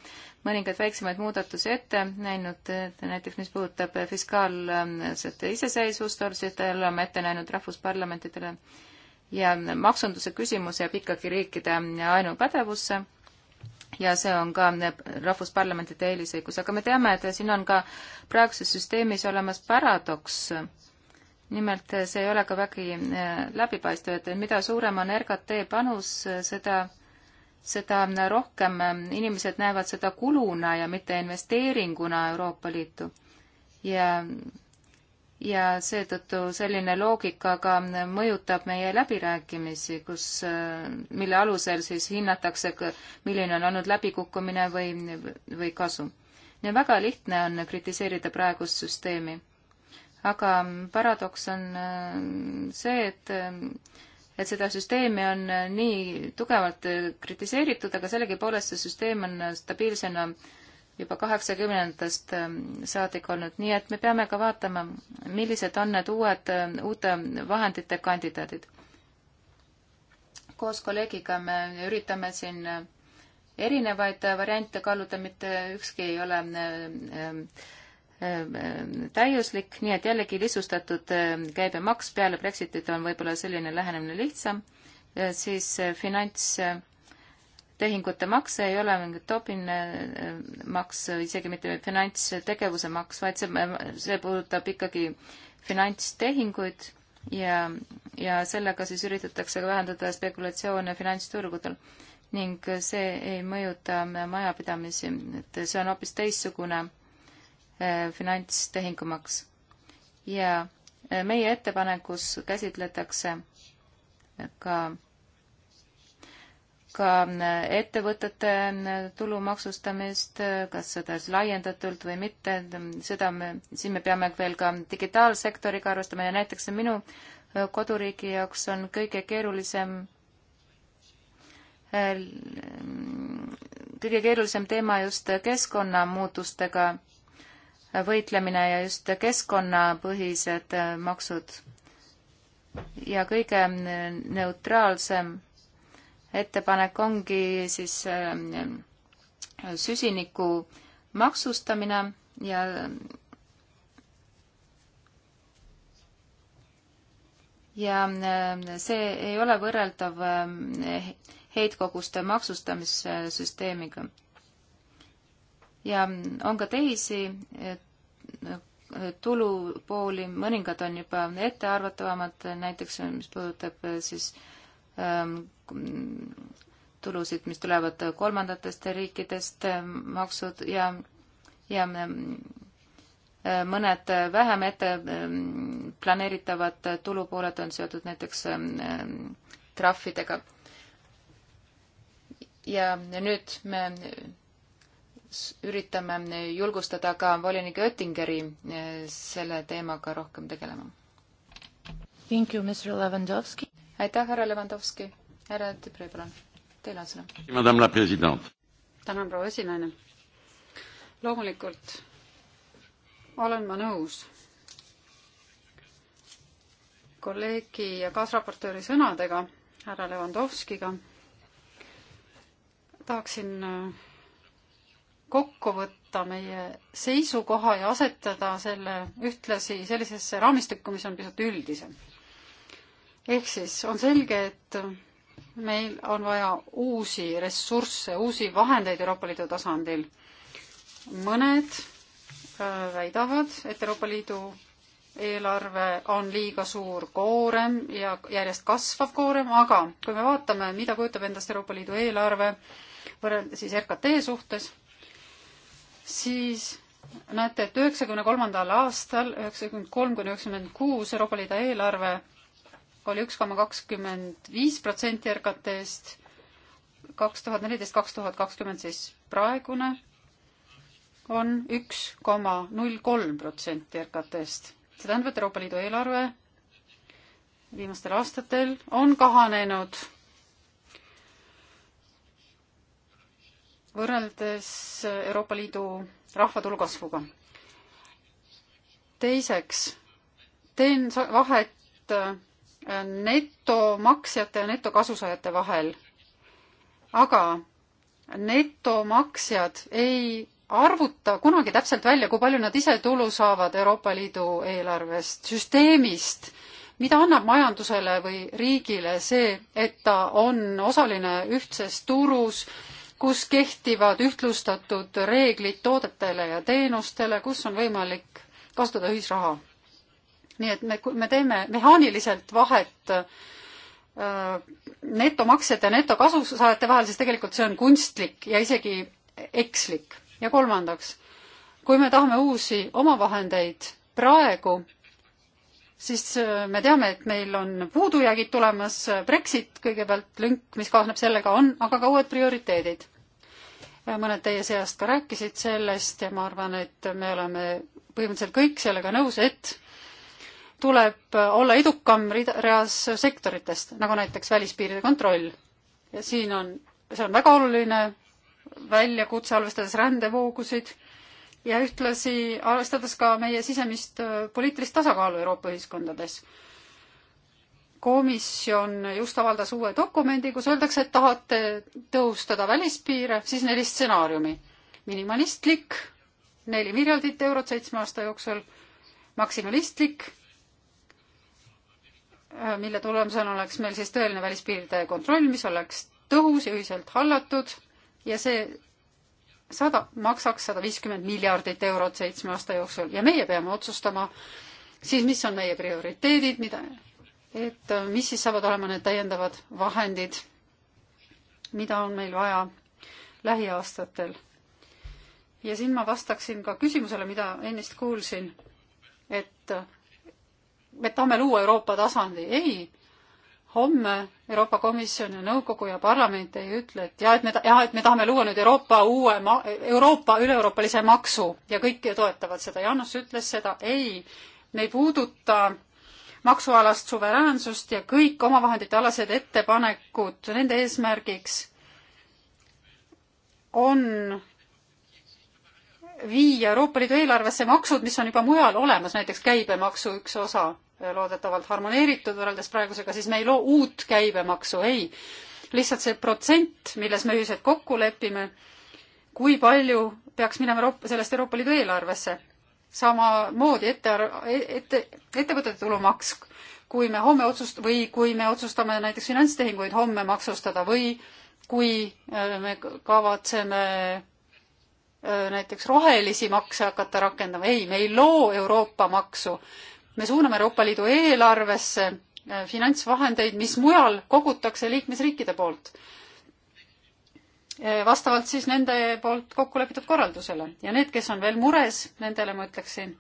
mõningaid väiksemaid muudatusi ette näinud, et näiteks mis puudutab fiskaalset iseseisvust, siis oleme ette näinud rahvusparlamentidele äh, ja maksunduse küsimus jääb ikkagi riikide ainupädevusse ja see on ka rahvusparlamentide eelisõigus, aga me teame, et siin on ka praeguses süsteemis olemas paradoks. nimelt see ei ole ka vägi eh, läbipaistev, et mida suurem on RKT panus, seda, seda rohkem eh, inimesed näevad seda kuluna ja mitte investeeringuna Euroopa Liitu. ja ja seetõttu selline loogika ka mõjutab meie läbirääkimisi, kus, mille alusel siis hinnatakse, milline on olnud läbikukkumine või, või kasu. nii väga lihtne on kritiseerida praegust süsteemi. aga paradoks on äh, see, et et seda süsteemi on nii tugevalt kritiseeritud, aga sellegipoolest see süsteem on stabiilsena äh, juba kaheksakümnendatest ähm, saadik olnud, nii et me peame ka vaatama, millised on need uued, ähm, uute vahendite kandidaadid. koos kolleegiga me üritame siin äh, erinevaid äh, variante kaaluda, mitte ükski ei ole äh, ähm, täiuslik, nii et jällegi lihtsustatud käibemaks peale Brexitit on võib-olla selline lähenemine lihtsam, siis finants tehingute maks ei ole mingi topinmaks, äh, isegi mitte finantstegevuse maks, vaid see, see puudutab ikkagi finantstehinguid ja, ja sellega siis üritatakse ka vähendada spekulatsioone finantsturgudel. ning see ei mõjuta majapidamisi, et see on hoopis teistsugune äh, finantstehingumaks. ja äh, meie ettepanekus käsitletakse ka ka äh, ettevõtete äh, tulu maksustamist, äh, kas seda siis laiendatult või mitte, seda me, siin me peame veel ka digitaalsektoriga arvestama ja näiteks minu koduriigi jaoks on kõige keerulisem mm, kõige keerulisem teema just keskkonnamuutustega võitlemine ja just keskkonnapõhised maksud. ja kõige neutraalsem ettepanek ongi siis ähm, süsiniku maksustamine ja ja ähm, see ei ole võrreldav ähm, heitkoguste maksustamissüsteemiga. ja on ka teisi äh, tulupooli, mõningad on juba ettearvatavamad, näiteks mis puudutab äh, siis tulusid, mis tulevad kolmandatest riikidest, eh, maksud ja, ja eh, mõned vähem ette eh, planeeritavad tulupooled on seotud näiteks trahvidega. ja nüüd me üritame julgustada ka volinik Oettingeri selle teemaga rohkem tegelema. aitäh, härra Levandovski! härra Tüpre, palun, teil on sõna. tänan, proua esinaine. loomulikult olen ma nõus kolleegi ja kaasraportööri sõnadega, härra Levandovskiga. tahaksin äh, kokku võtta meie seisukoha ja asetada selle ühtlasi sellisesse raamistikku, mis on pisut üldisem. ehk siis on selge, et meil on vaja uusi ressursse, uusi vahendeid Euroopa Liidu tasandil. mõned äh, väidavad, et Euroopa Liidu eelarve on liiga suur koorem ja järjest kasvav koorem, aga kui me vaatame, mida kujutab endast Euroopa Liidu eelarve võrreldes siis RKT suhtes, siis näete, et üheksakümne kolmandal aastal, üheksakümmend kolm kuni üheksakümmend kuus Euroopa Liidu eelarve oli üks koma kakskümmend viis protsenti RKT-st, kaks tuhat neliteist, kaks tuhat kakskümmend siis praegune on üks koma null kolm protsenti RKT-st. see tähendab, et Euroopa Liidu eelarve viimastel aastatel on kahanenud võrreldes Euroopa Liidu rahvatulu kasvuga. teiseks, teen vahet netomaksjate ja netokasusaajate vahel. aga netomaksjad ei arvuta kunagi täpselt välja, kui palju nad ise tulu saavad Euroopa Liidu eelarvest, süsteemist, mida annab majandusele või riigile see, et ta on osaline ühtses turus, kus kehtivad ühtlustatud reeglid toodetele ja teenustele, kus on võimalik kasutada ühisraha nii et me, me teeme mehaaniliselt vahet äh, netomaksjate ja netokasusajate vahel, siis tegelikult see on kunstlik ja isegi ekslik. ja kolmandaks, kui me tahame uusi omavahendeid praegu, siis äh, me teame, et meil on puudujäägid tulemas, äh, Brexit kõigepealt, lünk, mis kaasneb sellega, on, aga ka uued prioriteedid. mõned teie seast ka rääkisid sellest ja ma arvan, et me oleme põhimõtteliselt kõik sellega nõus, et tuleb olla edukam reas sektoritest, nagu näiteks välispiiride kontroll. ja siin on, see on väga oluline väljakutse, arvestades rändevoogusid ja ühtlasi arvestades ka meie sisemist äh, poliitilist tasakaalu Euroopa ühiskondades. komisjon just avaldas uue dokumendi, kus öeldakse, et tahate tõhustada välispiire, siis neli stsenaariumi. minimalistlik, neli miljardit eurot seitsme aasta jooksul, maksimalistlik, Äh, mille tulemusena oleks meil siis tõeline välispiiride kontroll, mis oleks tõhus ja ühiselt hallatud ja see sada, maksaks sada viiskümmend miljardit eurot seitsme aasta jooksul ja meie peame otsustama siis, mis on meie prioriteedid, mida, et äh, mis siis saavad olema need täiendavad vahendid, mida on meil vaja lähiaastatel. ja siin ma vastaksin ka küsimusele, mida ennist kuulsin, et äh, me tahame luua Euroopa tasandi, ei. homme Euroopa Komisjon ja nõukogu ja parlament ei ütle, et jah, et me, jah, et me tahame luua nüüd Euroopa uue ma-, Euroopa üle-euroopalise maksu ja kõik toetavad seda. Janus ütles seda, ei, me ei puuduta maksualast suveräänsust ja kõik omavahendite alased ettepanekud, nende eesmärgiks on viia Euroopa Liidu eelarvesse maksud, mis on juba mujal olemas, näiteks käibemaksu üks osa loodetavalt harmoneeritud võrreldes praegusega, siis me ei loo uut käibemaksu, ei. lihtsalt see protsent, milles me ühiselt kokku lepime, kui palju peaks minema Euroopa, sellest Euroopa Liidu eelarvesse. samamoodi ette, ette, ettevõtete tulumaks, kui me homme otsust- või kui me otsustame näiteks finantstehinguid homme maksustada või kui äh, me kavatseme äh, näiteks rohelisi makse hakata rakendama, ei, me ei loo Euroopa maksu me suuname Euroopa Liidu eelarvesse äh, finantsvahendeid, mis mujal kogutakse liikmesriikide poolt. Äh, vastavalt siis nende poolt kokku lepitud korraldusele ja need, kes on veel mures, nendele ma ütleksin,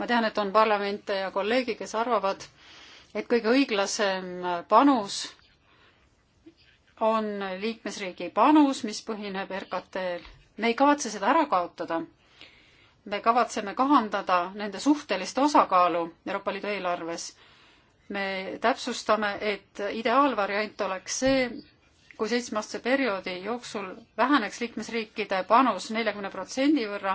ma tean, et on parlamente ja kolleege, kes arvavad, et kõige õiglasem äh, panus on liikmesriigi panus, mis põhineb RKT-l. me ei kavatse seda ära kaotada me kavatseme kahandada nende suhtelist osakaalu Euroopa Liidu eelarves. me täpsustame, et ideaalvariant oleks see, kui seitsmeaastase perioodi jooksul väheneks liikmesriikide panus neljakümne protsendi võrra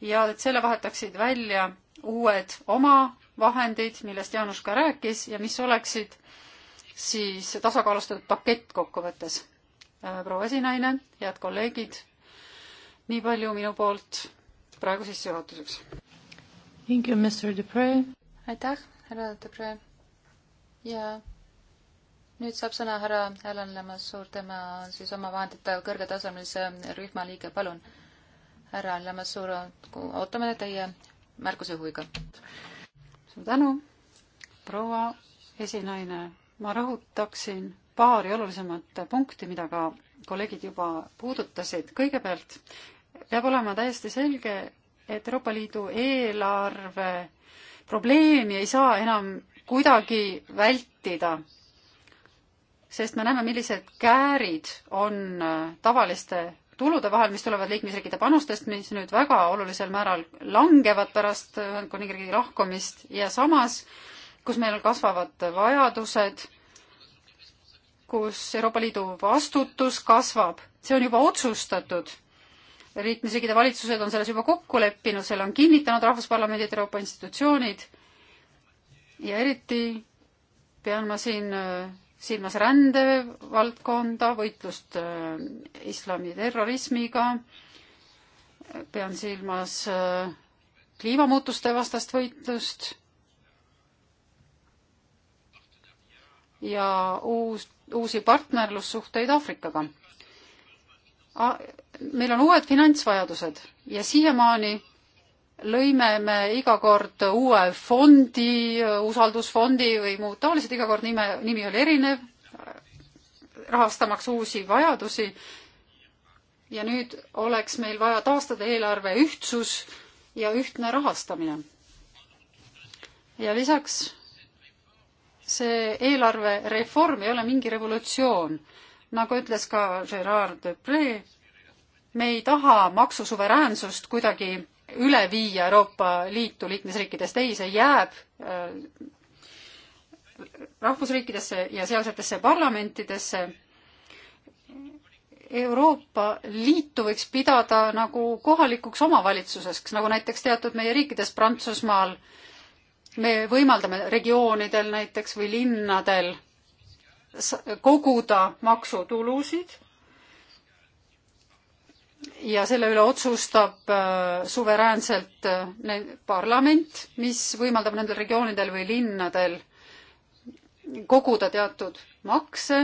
ja et selle vahetaksid välja uued omavahendid, millest Jaanus ka rääkis ja mis oleksid siis tasakaalustatud pakett kokkuvõttes. Äh, proua esinaine, head kolleegid, nii palju minu poolt praegu sissejuhatuseks. Thank you, Mr Dupre. aitäh, härra Dupre. ja nüüd saab sõna härra Alan Lemas, suur tema siis oma vahendite kõrgetasemelise rühma liige, palun. härra Lemas, suur, ootame teie märkuse huviga. suur tänu, proua esinaine. ma rõhutaksin paari olulisemat punkti, mida ka kolleegid juba puudutasid. kõigepealt peab olema täiesti selge, et Euroopa Liidu eelarve probleemi ei saa enam kuidagi vältida, sest me näeme, millised käärid on äh, tavaliste tulude vahel, mis tulevad liikmesriikide panustest, mis nüüd väga olulisel määral langevad pärast Ühendkuningriigi lahkumist ja samas, kus meil kasvavad vajadused, kus Euroopa Liidu vastutus kasvab, see on juba otsustatud liikmesriikide valitsused on selles juba kokku leppinud, selle on kinnitanud rahvusparlamendid, Euroopa institutsioonid ja eriti pean ma siin äh, silmas rändevaldkonda, võitlust äh, islami terrorismiga, pean silmas äh, kliimamuutuste vastast võitlust ja uus, uusi partnerlussuhteid Aafrikaga meil on uued finantsvajadused ja siiamaani lõime me iga kord uue fondi, usaldusfondi või muud taolised, iga kord nime, nimi oli erinev, rahastamaks uusi vajadusi. ja nüüd oleks meil vaja taastada eelarve ühtsus ja ühtne rahastamine. ja lisaks see eelarvereform ei ole mingi revolutsioon nagu ütles ka Gerard Depree, me ei taha maksusuveräänsust kuidagi üle viia Euroopa Liitu liikmesriikidest, ei, see jääb äh, rahvusriikidesse ja sealsetesse parlamentidesse. Euroopa Liitu võiks pidada nagu kohalikuks omavalitsuseks, nagu näiteks teatud meie riikides Prantsusmaal. me võimaldame regioonidel näiteks või linnadel koguda maksutulusid ja selle üle otsustab äh, suveräänselt äh, parlament, mis võimaldab nendel regioonidel või linnadel koguda teatud makse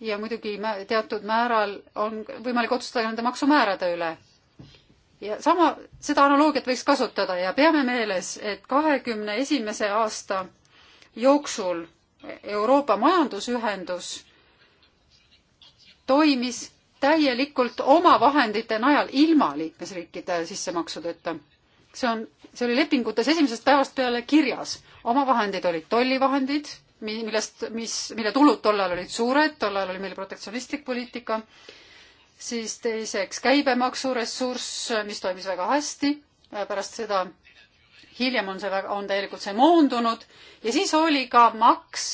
ja muidugi teatud määral on võimalik otsustada nende maksumäärade üle. ja sama, seda analoogiat võiks kasutada ja peame meeles, et kahekümne esimese aasta jooksul Euroopa Majandusühendus toimis täielikult oma vahendite najal ilma liikmesriikide sissemaksudeta. see on, see oli lepingutes esimesest päevast peale kirjas. omavahendid olid tollivahendid, millest, mis, mille tulud tol ajal olid suured, tol ajal oli meil protektsionistlik poliitika, siis teiseks käibemaksuressurss, mis toimis väga hästi, pärast seda hiljem on see väga, on tegelikult see moondunud ja siis oli ka maks,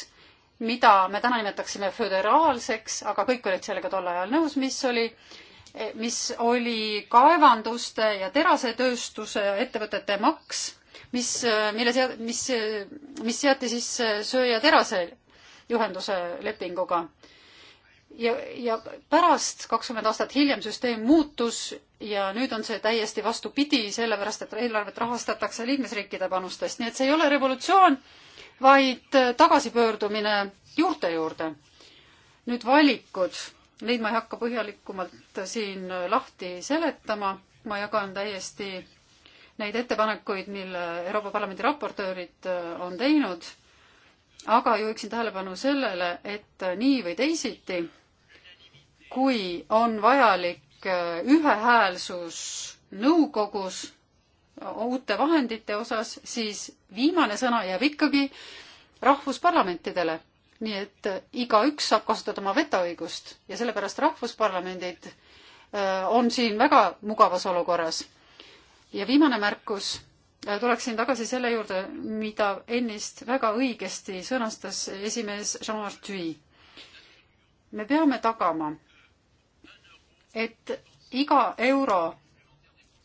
mida me täna nimetaksime föderaalseks, aga kõik olid sellega tol ajal nõus, mis oli, mis oli kaevanduste ja terasetööstuse ettevõtete maks, mis, mille sead-, mis, mis seati siis söe- ja terase juhenduse lepinguga ja, ja pärast, kakskümmend aastat hiljem süsteem muutus ja nüüd on see täiesti vastupidi, sellepärast et eelarvet rahastatakse liikmesriikide panustest, nii et see ei ole revolutsioon, vaid tagasipöördumine juurte juurde. nüüd valikud, neid ma ei hakka põhjalikumalt siin lahti seletama, ma jagan täiesti neid ettepanekuid, mille Euroopa Parlamendi raportöörid äh, on teinud, aga juhiksin tähelepanu sellele, et nii või teisiti kui on vajalik äh, ühehäälsus nõukogus äh, uute vahendite osas, siis viimane sõna jääb ikkagi rahvusparlamentidele. nii et äh, igaüks saab kasutada oma vetoõigust ja sellepärast rahvusparlamendid on siin väga mugavas olukorras. ja viimane märkus, tuleksin tagasi selle juurde, mida ennist väga õigesti sõnastas esimees Jean Artui. me peame tagama et iga euro,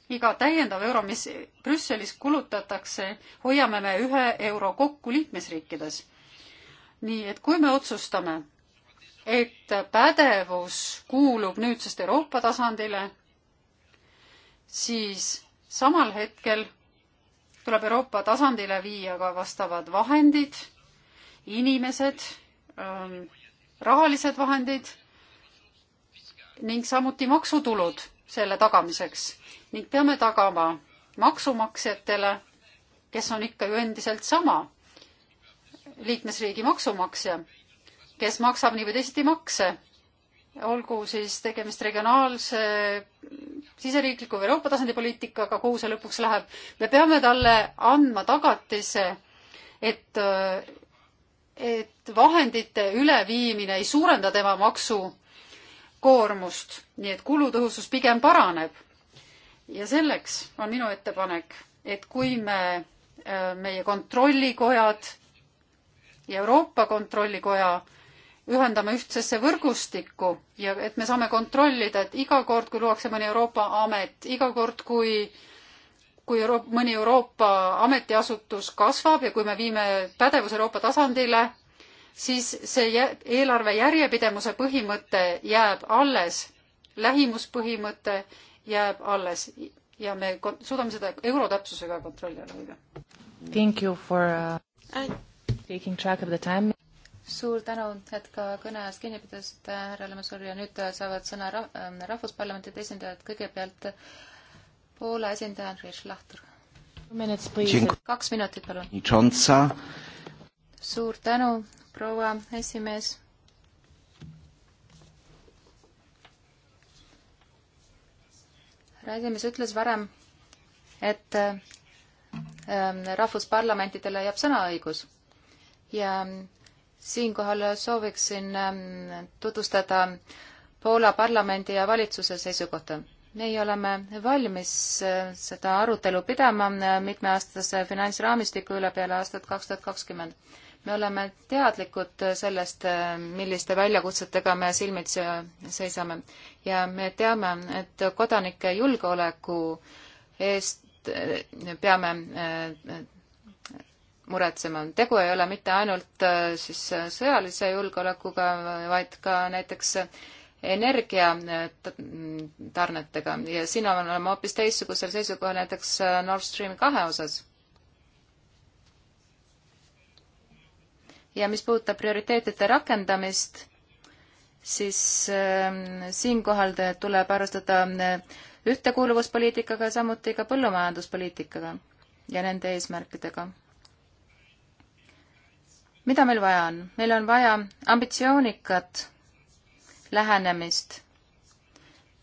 iga täiendav euro, mis Brüsselis kulutatakse, hoiame me ühe euro kokku liikmesriikides. nii et kui me otsustame, et pädevus kuulub nüüdsest Euroopa tasandile, siis samal hetkel tuleb Euroopa tasandile viia ka vastavad vahendid, inimesed, ähm, rahalised vahendid ning samuti maksutulud selle tagamiseks ning peame tagama maksumaksjatele, kes on ikka ju endiselt sama liikmesriigi maksumaksja, kes maksab nii või teisiti makse, olgu siis tegemist regionaalse, siseriikliku või Euroopa tasandi poliitikaga, kuhu see lõpuks läheb, me peame talle andma tagatise, et, et vahendite üleviimine ei suurenda tema maksu koormust, nii et kulutõhusus pigem paraneb. ja selleks on minu ettepanek, et kui me, äh, meie kontrollikojad ja Euroopa Kontrollikoja ühendame ühtsesse võrgustikku ja et me saame kontrollida, et iga kord, kui luuakse mõni Euroopa amet, iga kord, kui kui Euroop, mõni Euroopa ametiasutus kasvab ja kui me viime pädevuse Euroopa tasandile, siis see eelarve järjepidevuse põhimõte jääb alles, lähimuspõhimõte jääb alles ja me suudame seda euro täpsusega kontrolli all hoida. Thank you for uh, taking track of the time. suur tänu, et ka kõne ajast kinni pidasite, härra Lemasuri ja nüüd saavad sõna rah ähm, rahvusparlamentide esindajad, kõigepealt Poola esindaja Andrei Šlahtur. kaks minutit, palun. suur tänu, proua esimees. härra esimees ütles varem, et ähm, rahvusparlamentidele jääb sõnaõigus ja ähm, siinkohal sooviksin ähm, tutvustada Poola parlamendi ja valitsuse seisukohta meie oleme valmis äh, seda arutelu pidama äh, mitmeaastase finantsraamistiku üle peale aastat kaks tuhat kakskümmend me oleme teadlikud sellest, milliste väljakutsetega me silmitsi seisame ja me teame, et kodanike julgeoleku eest peame äh, muretsema. tegu ei ole mitte ainult äh, siis sõjalise julgeolekuga, vaid ka näiteks energiatarnetega äh, ja siin oleme hoopis teistsugusel seisukohal näiteks Nord Stream kahe osas ja mis puudutab prioriteetide rakendamist, siis ähm, siinkohal tuleb arvestada äh, ühtekuuluvuspoliitikaga, samuti ka põllumajanduspoliitikaga ja nende eesmärkidega. mida meil vaja on? meil on vaja ambitsioonikat lähenemist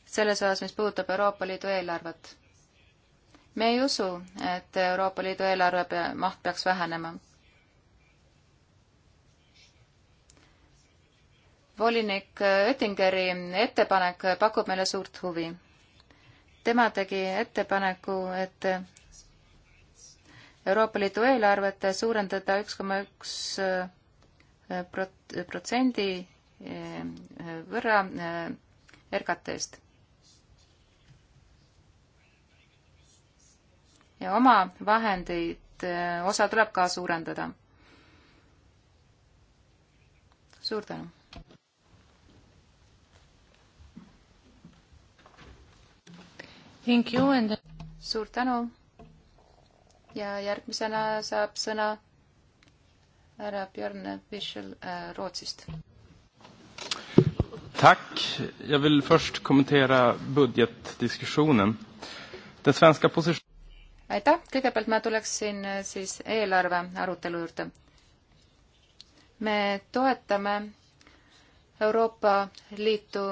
selles osas, mis puudutab Euroopa Liidu eelarvet. me ei usu, et Euroopa Liidu eelarve maht peaks vähenema volinik Oettingeri ettepanek pakub meile suurt huvi. tema tegi ettepaneku, et Euroopa Liidu eelarvet suurendada üks koma üks eh, protsendi eh, võrra eh, RKT-st. ja oma vahendeid osa tuleb ka suurendada. suur tänu! Thank you and... suur tänu ja järgmisena saab sõna härra Björn Wischel äh, Rootsist. Tack. Jag vill först kommentera budgetdiskussionen. Den svenska positionen... Aitäh! Kõigepealt ma tuleksin äh, siis eelarve arutelu juurde. Me toetame Euroopa Liitu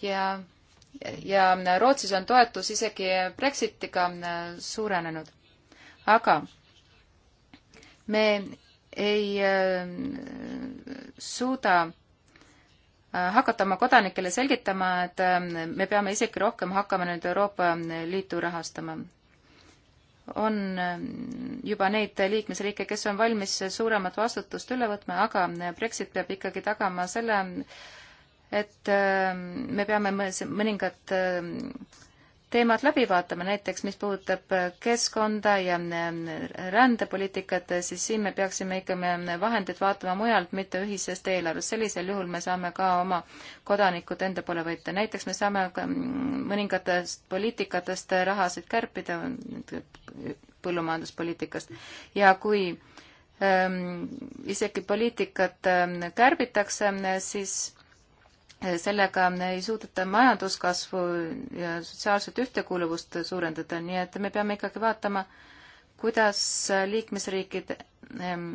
ja ja Rootsis on toetus isegi Brexitiga äh, suurenenud. aga me ei äh, suuda äh, hakata oma kodanikele selgitama, et me peame isegi rohkem hakkama nüüd Euroopa Liitu rahastama. on juba neid liikmesriike, kes on valmis suuremat vastutust üle võtma, aga Brexit peab ikkagi tagama selle, et ähm, me peame mõningad ähm, teemad läbi vaatama, näiteks mis puudutab äh, keskkonda ja ähm, rändepoliitikat, siis siin me peaksime ikka me vahendid vaatama mujalt, mitte ühisest eelarvest. sellisel juhul me saame ka oma kodanikud enda poole võita. näiteks me saame ka mõningatest poliitikatest rahasid kärpida, põllumajanduspoliitikast. ja kui ähm, isegi poliitikat ähm, kärbitakse, siis sellega ei suudeta majanduskasvu ja sotsiaalset ühtekuuluvust suurendada, nii et me peame ikkagi vaatama, kuidas liikmesriikide ehm,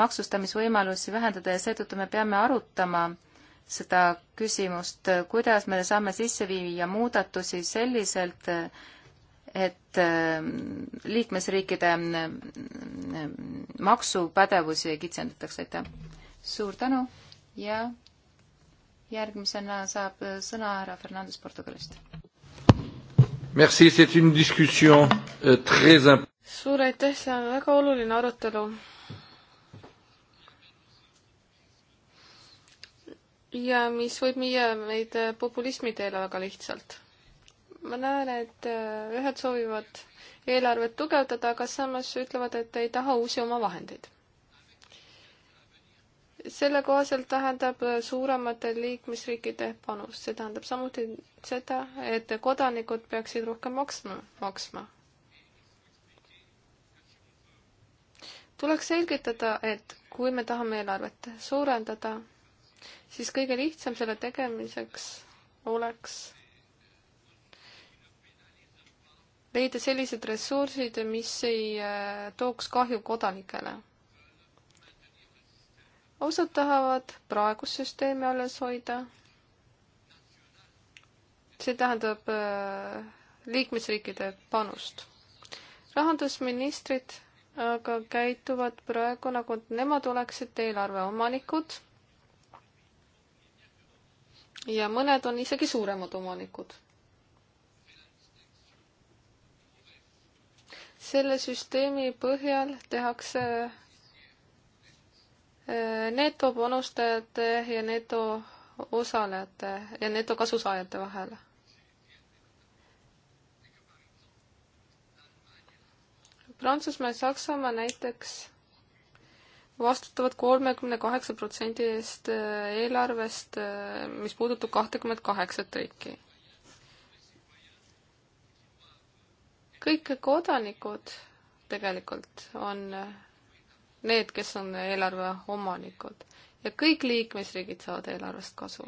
maksustamisvõimalusi vähendada ja seetõttu me peame arutama seda küsimust, kuidas me saame sisse viia muudatusi selliselt, et ehm, liikmesriikide ehm, maksupädevusi kitsendatakse, aitäh! suur tänu ja järgmisena saab sõna härra Fernandes Portugalist. Merci, c'est une discussion euh, très imp-. suur aitäh, see on väga oluline arutelu. ja mis võib viia meid äh, populismi teele väga lihtsalt. ma näen, et äh, ühed soovivad eelarvet tugevdada, aga samas ütlevad, et ei taha uusi omavahendeid selle kohaselt tähendab suuremate liikmesriikide panus, see tähendab samuti seda, et kodanikud peaksid rohkem maksma, maksma. tuleks selgitada, et kui me tahame eelarvet suurendada, siis kõige lihtsam selle tegemiseks oleks leida sellised ressursid, mis ei äh, tooks kahju kodanikele osad tahavad praegust süsteemi alles hoida. see tähendab äh, liikmesriikide panust. rahandusministrid aga käituvad praegu nagu nemad oleksid eelarve omanikud. ja mõned on isegi suuremad omanikud. selle süsteemi põhjal tehakse netopanustajate ja netoosalejate ja netokasusaajate vahel. Prantsusmaa ja Saksamaa näiteks vastutavad kolmekümne kaheksa protsendi eest äh, eelarvest, äh, mis puudutab kahtekümmet kaheksat riiki. kõik kodanikud tegelikult on äh, need, kes on eelarve omanikud ja kõik liikmesriigid saavad eelarvest kasu.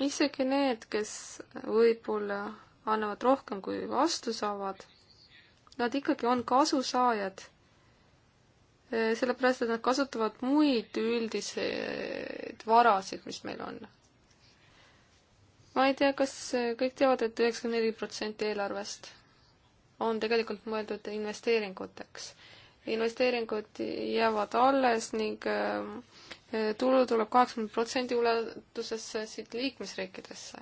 isegi need, kes võib-olla annavad rohkem, kui vastu saavad, nad ikkagi on kasusaajad, eh, sellepärast et nad kasutavad muid üldiseid varasid, mis meil on. ma ei tea, kas kõik teavad et, et üheksakümmend neli protsenti eelarvest on tegelikult mõeldud investeeringuteks. investeeringud jäävad alles ning äh, äh, tulu tuleb kaheksakümne protsendi ulatuses siit liikmesriikidesse.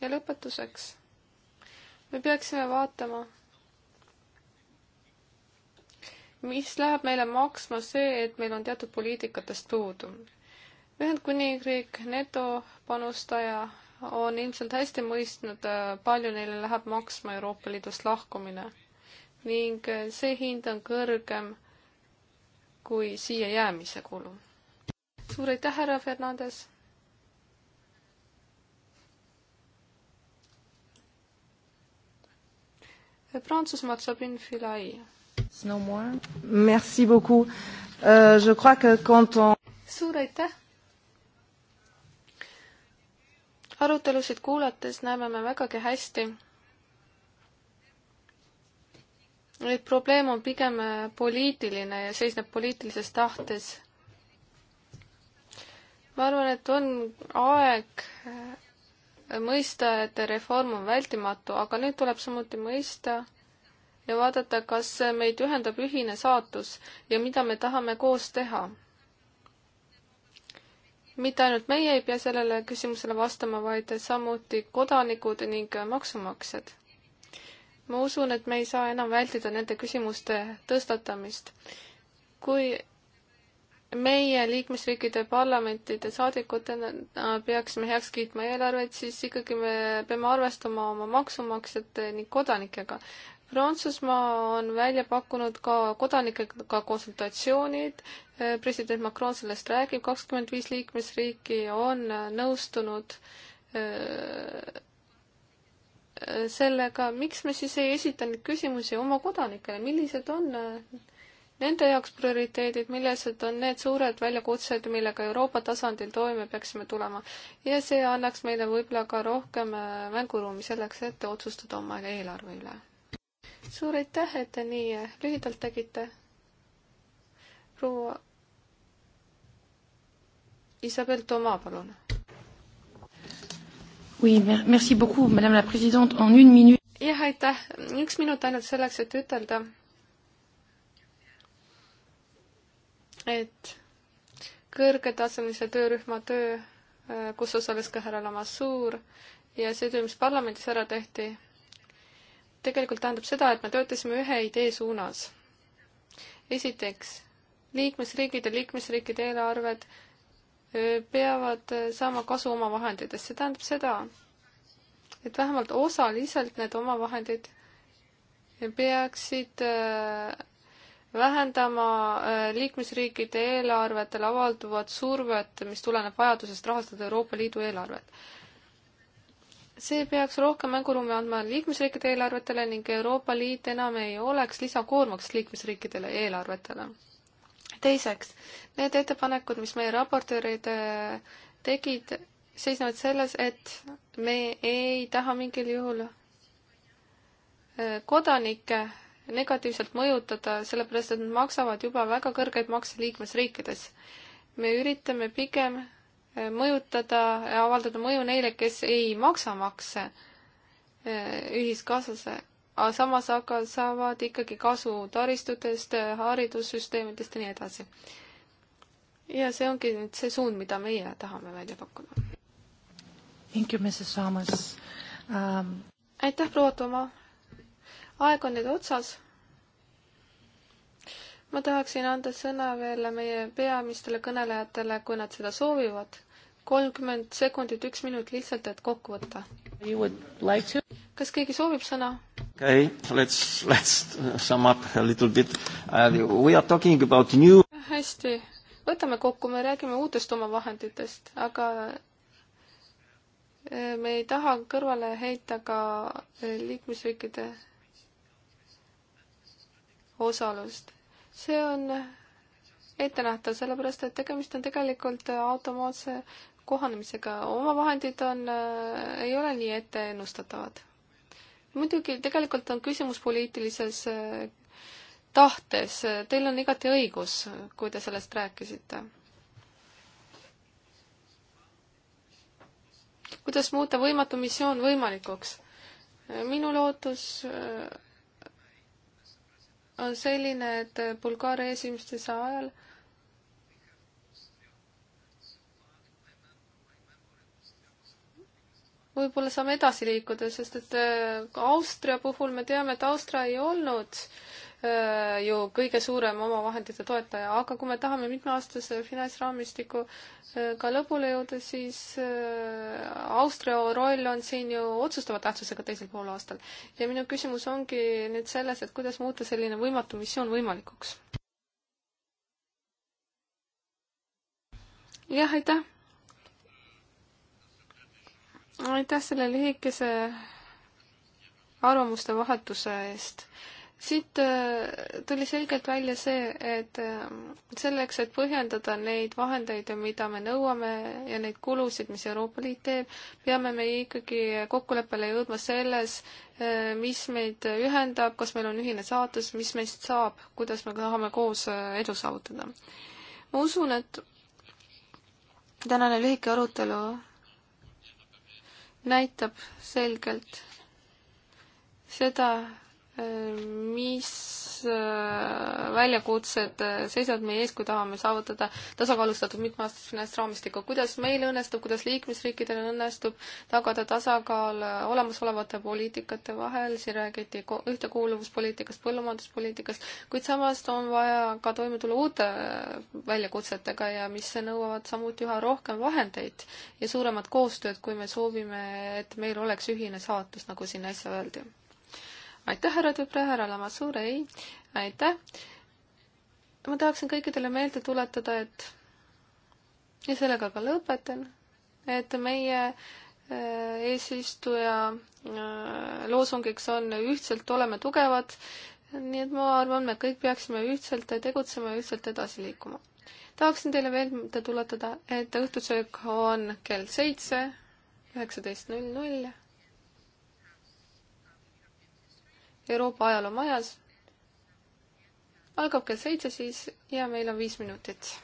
ja lõpetuseks, me peaksime vaatama, mis läheb meile maksma see, et meil on teatud poliitikatest puudu. Ühendkuningriik netopanustaja on ilmselt hästi mõistnud, äh, palju neile läheb maksma Euroopa Liidust lahkumine ning äh, see hind on kõrgem kui siia jäämise kulu. suur aitäh, härra Fernandes! Äh, Prantsusmaalt Sabine Filai. No more. Merci beaucoup uh,. Je crois que quand on suur aitäh! arutelusid kuulates näeme me vägagi hästi, et probleem on pigem poliitiline ja seisneb poliitilises tahtes. ma arvan, et on aeg mõista, et reform on vältimatu, aga nüüd tuleb samuti mõista ja vaadata, kas meid ühendab ühine saatus ja mida me tahame koos teha mitte ainult meie ei pea sellele küsimusele vastama, vaid samuti kodanikud ning maksumaksjad. ma usun, et me ei saa enam vältida nende küsimuste tõstatamist. kui meie liikmesriikide parlamentide saadikutena peaksime heaks kiitma eelarveid, siis ikkagi me peame arvestama oma maksumaksjate ning kodanikega. Prantsusmaa on välja pakkunud ka kodanikega konsultatsioonid, president Macron sellest räägib, kakskümmend viis liikmesriiki on nõustunud äh, sellega, miks me siis ei esita neid küsimusi oma kodanikele, millised on äh, nende jaoks prioriteedid, millised on need suured väljakutsed, millega Euroopa tasandil toime peaksime tulema. ja see annaks meile võib-olla ka rohkem äh, mänguruumi selleks, et otsustada oma eelarve üle suur aitäh, et te nii eh, lühidalt tegite. proua Isabel Toma, palun. Oui, merci beaucoup, madame la présidente, en une minute. jah, aitäh, üks minut ainult selleks, et ütelda, et kõrgetasemelise töörühma töö, eh, kus osales ka härra Lamassuur ja see töö, mis parlamendis ära tehti, tegelikult tähendab seda, et me töötasime ühe idee suunas. esiteks, liikmesriigid ja liikmesriikide eelarved peavad saama kasu omavahenditest, see tähendab seda, et vähemalt osaliselt need omavahendid peaksid vähendama liikmesriikide eelarvetele avalduvat survet, mis tuleneb vajadusest rahastada Euroopa Liidu eelarvet see peaks rohkem mänguruumi andma liikmesriikide eelarvetele ning Euroopa Liit enam ei oleks lisakoormaks liikmesriikidele eelarvetele. teiseks, need ettepanekud, mis meie raportöörid äh, tegid, seisnevad selles, et me ei taha mingil juhul äh, kodanikke negatiivselt mõjutada, sellepärast et nad maksavad juba väga kõrgeid makse liikmesriikides. me üritame pigem mõjutada, avaldada mõju neile, kes ei maksa makse eh, ühiskassasse, aga samas aga saavad ikkagi kasu taristutest, haridussüsteemidest ja nii edasi. ja see ongi nüüd see suund, mida meie tahame välja pakkuda. Thank you, Mrs Saamas um.... aitäh, proua Toma. aeg on nüüd otsas ma tahaksin anda sõna veel meie peamistele kõnelejatele, kui nad seda soovivad kolmkümmend sekundit, üks minut lihtsalt, et kokku võtta. Like to... kas keegi soovib sõna? okei okay,, let's, let's sum up a little bit uh,. We are talking about new hästi, võtame kokku, me räägime uutest omavahenditest, aga e, me ei taha kõrvale heita ka e, liikmesriikide osalust. see on ettenähtav, sellepärast et tegemist on tegelikult automaatse kohanemisega. omavahendid on, äh, ei ole nii etteennustatavad. muidugi tegelikult on küsimus poliitilises äh, tahtes, teil on igati õigus, kui te sellest rääkisite. kuidas muuta võimatu missioon võimalikuks? minu lootus äh, on selline, et Bulgaaria esimestesse ajal äh, võib-olla saame edasi liikuda, sest et äh, Austria puhul me teame, et Austria ei olnud äh, ju kõige suurem omavahendite toetaja, aga kui me tahame mitmeaastase finantsraamistiku äh, ka lõpule jõuda, siis Austria roll on siin ju otsustava tähtsusega teisel poolaastal. ja minu küsimus ongi nüüd selles, et kuidas muuta selline võimatu missioon võimalikuks? jah, aitäh! aitäh selle lühikese arvamuste vahetuse eest. siit äh, tuli selgelt välja see, et äh, selleks, et põhjendada neid vahendeid, mida me nõuame ja neid kulusid, mis Euroopa Liit teeb, peame me ikkagi kokkuleppele jõudma selles, äh, mis meid ühendab, kas meil on ühine saatus, mis meist saab, kuidas me tahame koos edu saavutada. ma usun, et tänane lühike arutelu näitab selgelt seda, mis Äh, väljakutsed äh, seisavad meie ees, kui tahame saavutada tasakaalustatud mitmeaastast finantsraamistikku. kuidas meil õnnestub, kuidas liikmesriikidel õnnestub tagada tasakaal äh, olemasolevate poliitikate vahel, siin räägiti ühtekuuluvuspoliitikast, põllumajanduspoliitikast, kuid samas on vaja ka toime tulla uute väljakutsetega ja mis nõuavad samuti üha rohkem vahendeid ja suuremat koostööd, kui me soovime, et meil oleks ühine saatus, nagu siin äsja öeldi aitäh, härra Tüpre, härra Lamassuur, ei, aitäh. ma tahaksin kõikidele meelde tuletada, et ja sellega ka lõpetan, et meie äh, eesistuja äh, loosungiks on ühtselt oleme tugevad, nii et ma arvan, me kõik peaksime ühtselt tegutsema ja ühtselt edasi liikuma. tahaksin teile meelde tuletada, et õhtusöök on kell seitse, üheksateist null null Euroopa ajaloo majas. algab kell seitse siis ja meil on viis minutit.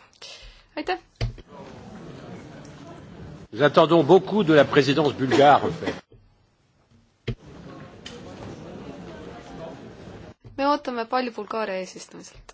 aitäh! Nous attendons beaucoup de la présidence bulgare, en fait. me ootame palju Bulgaaria eesistumiselt.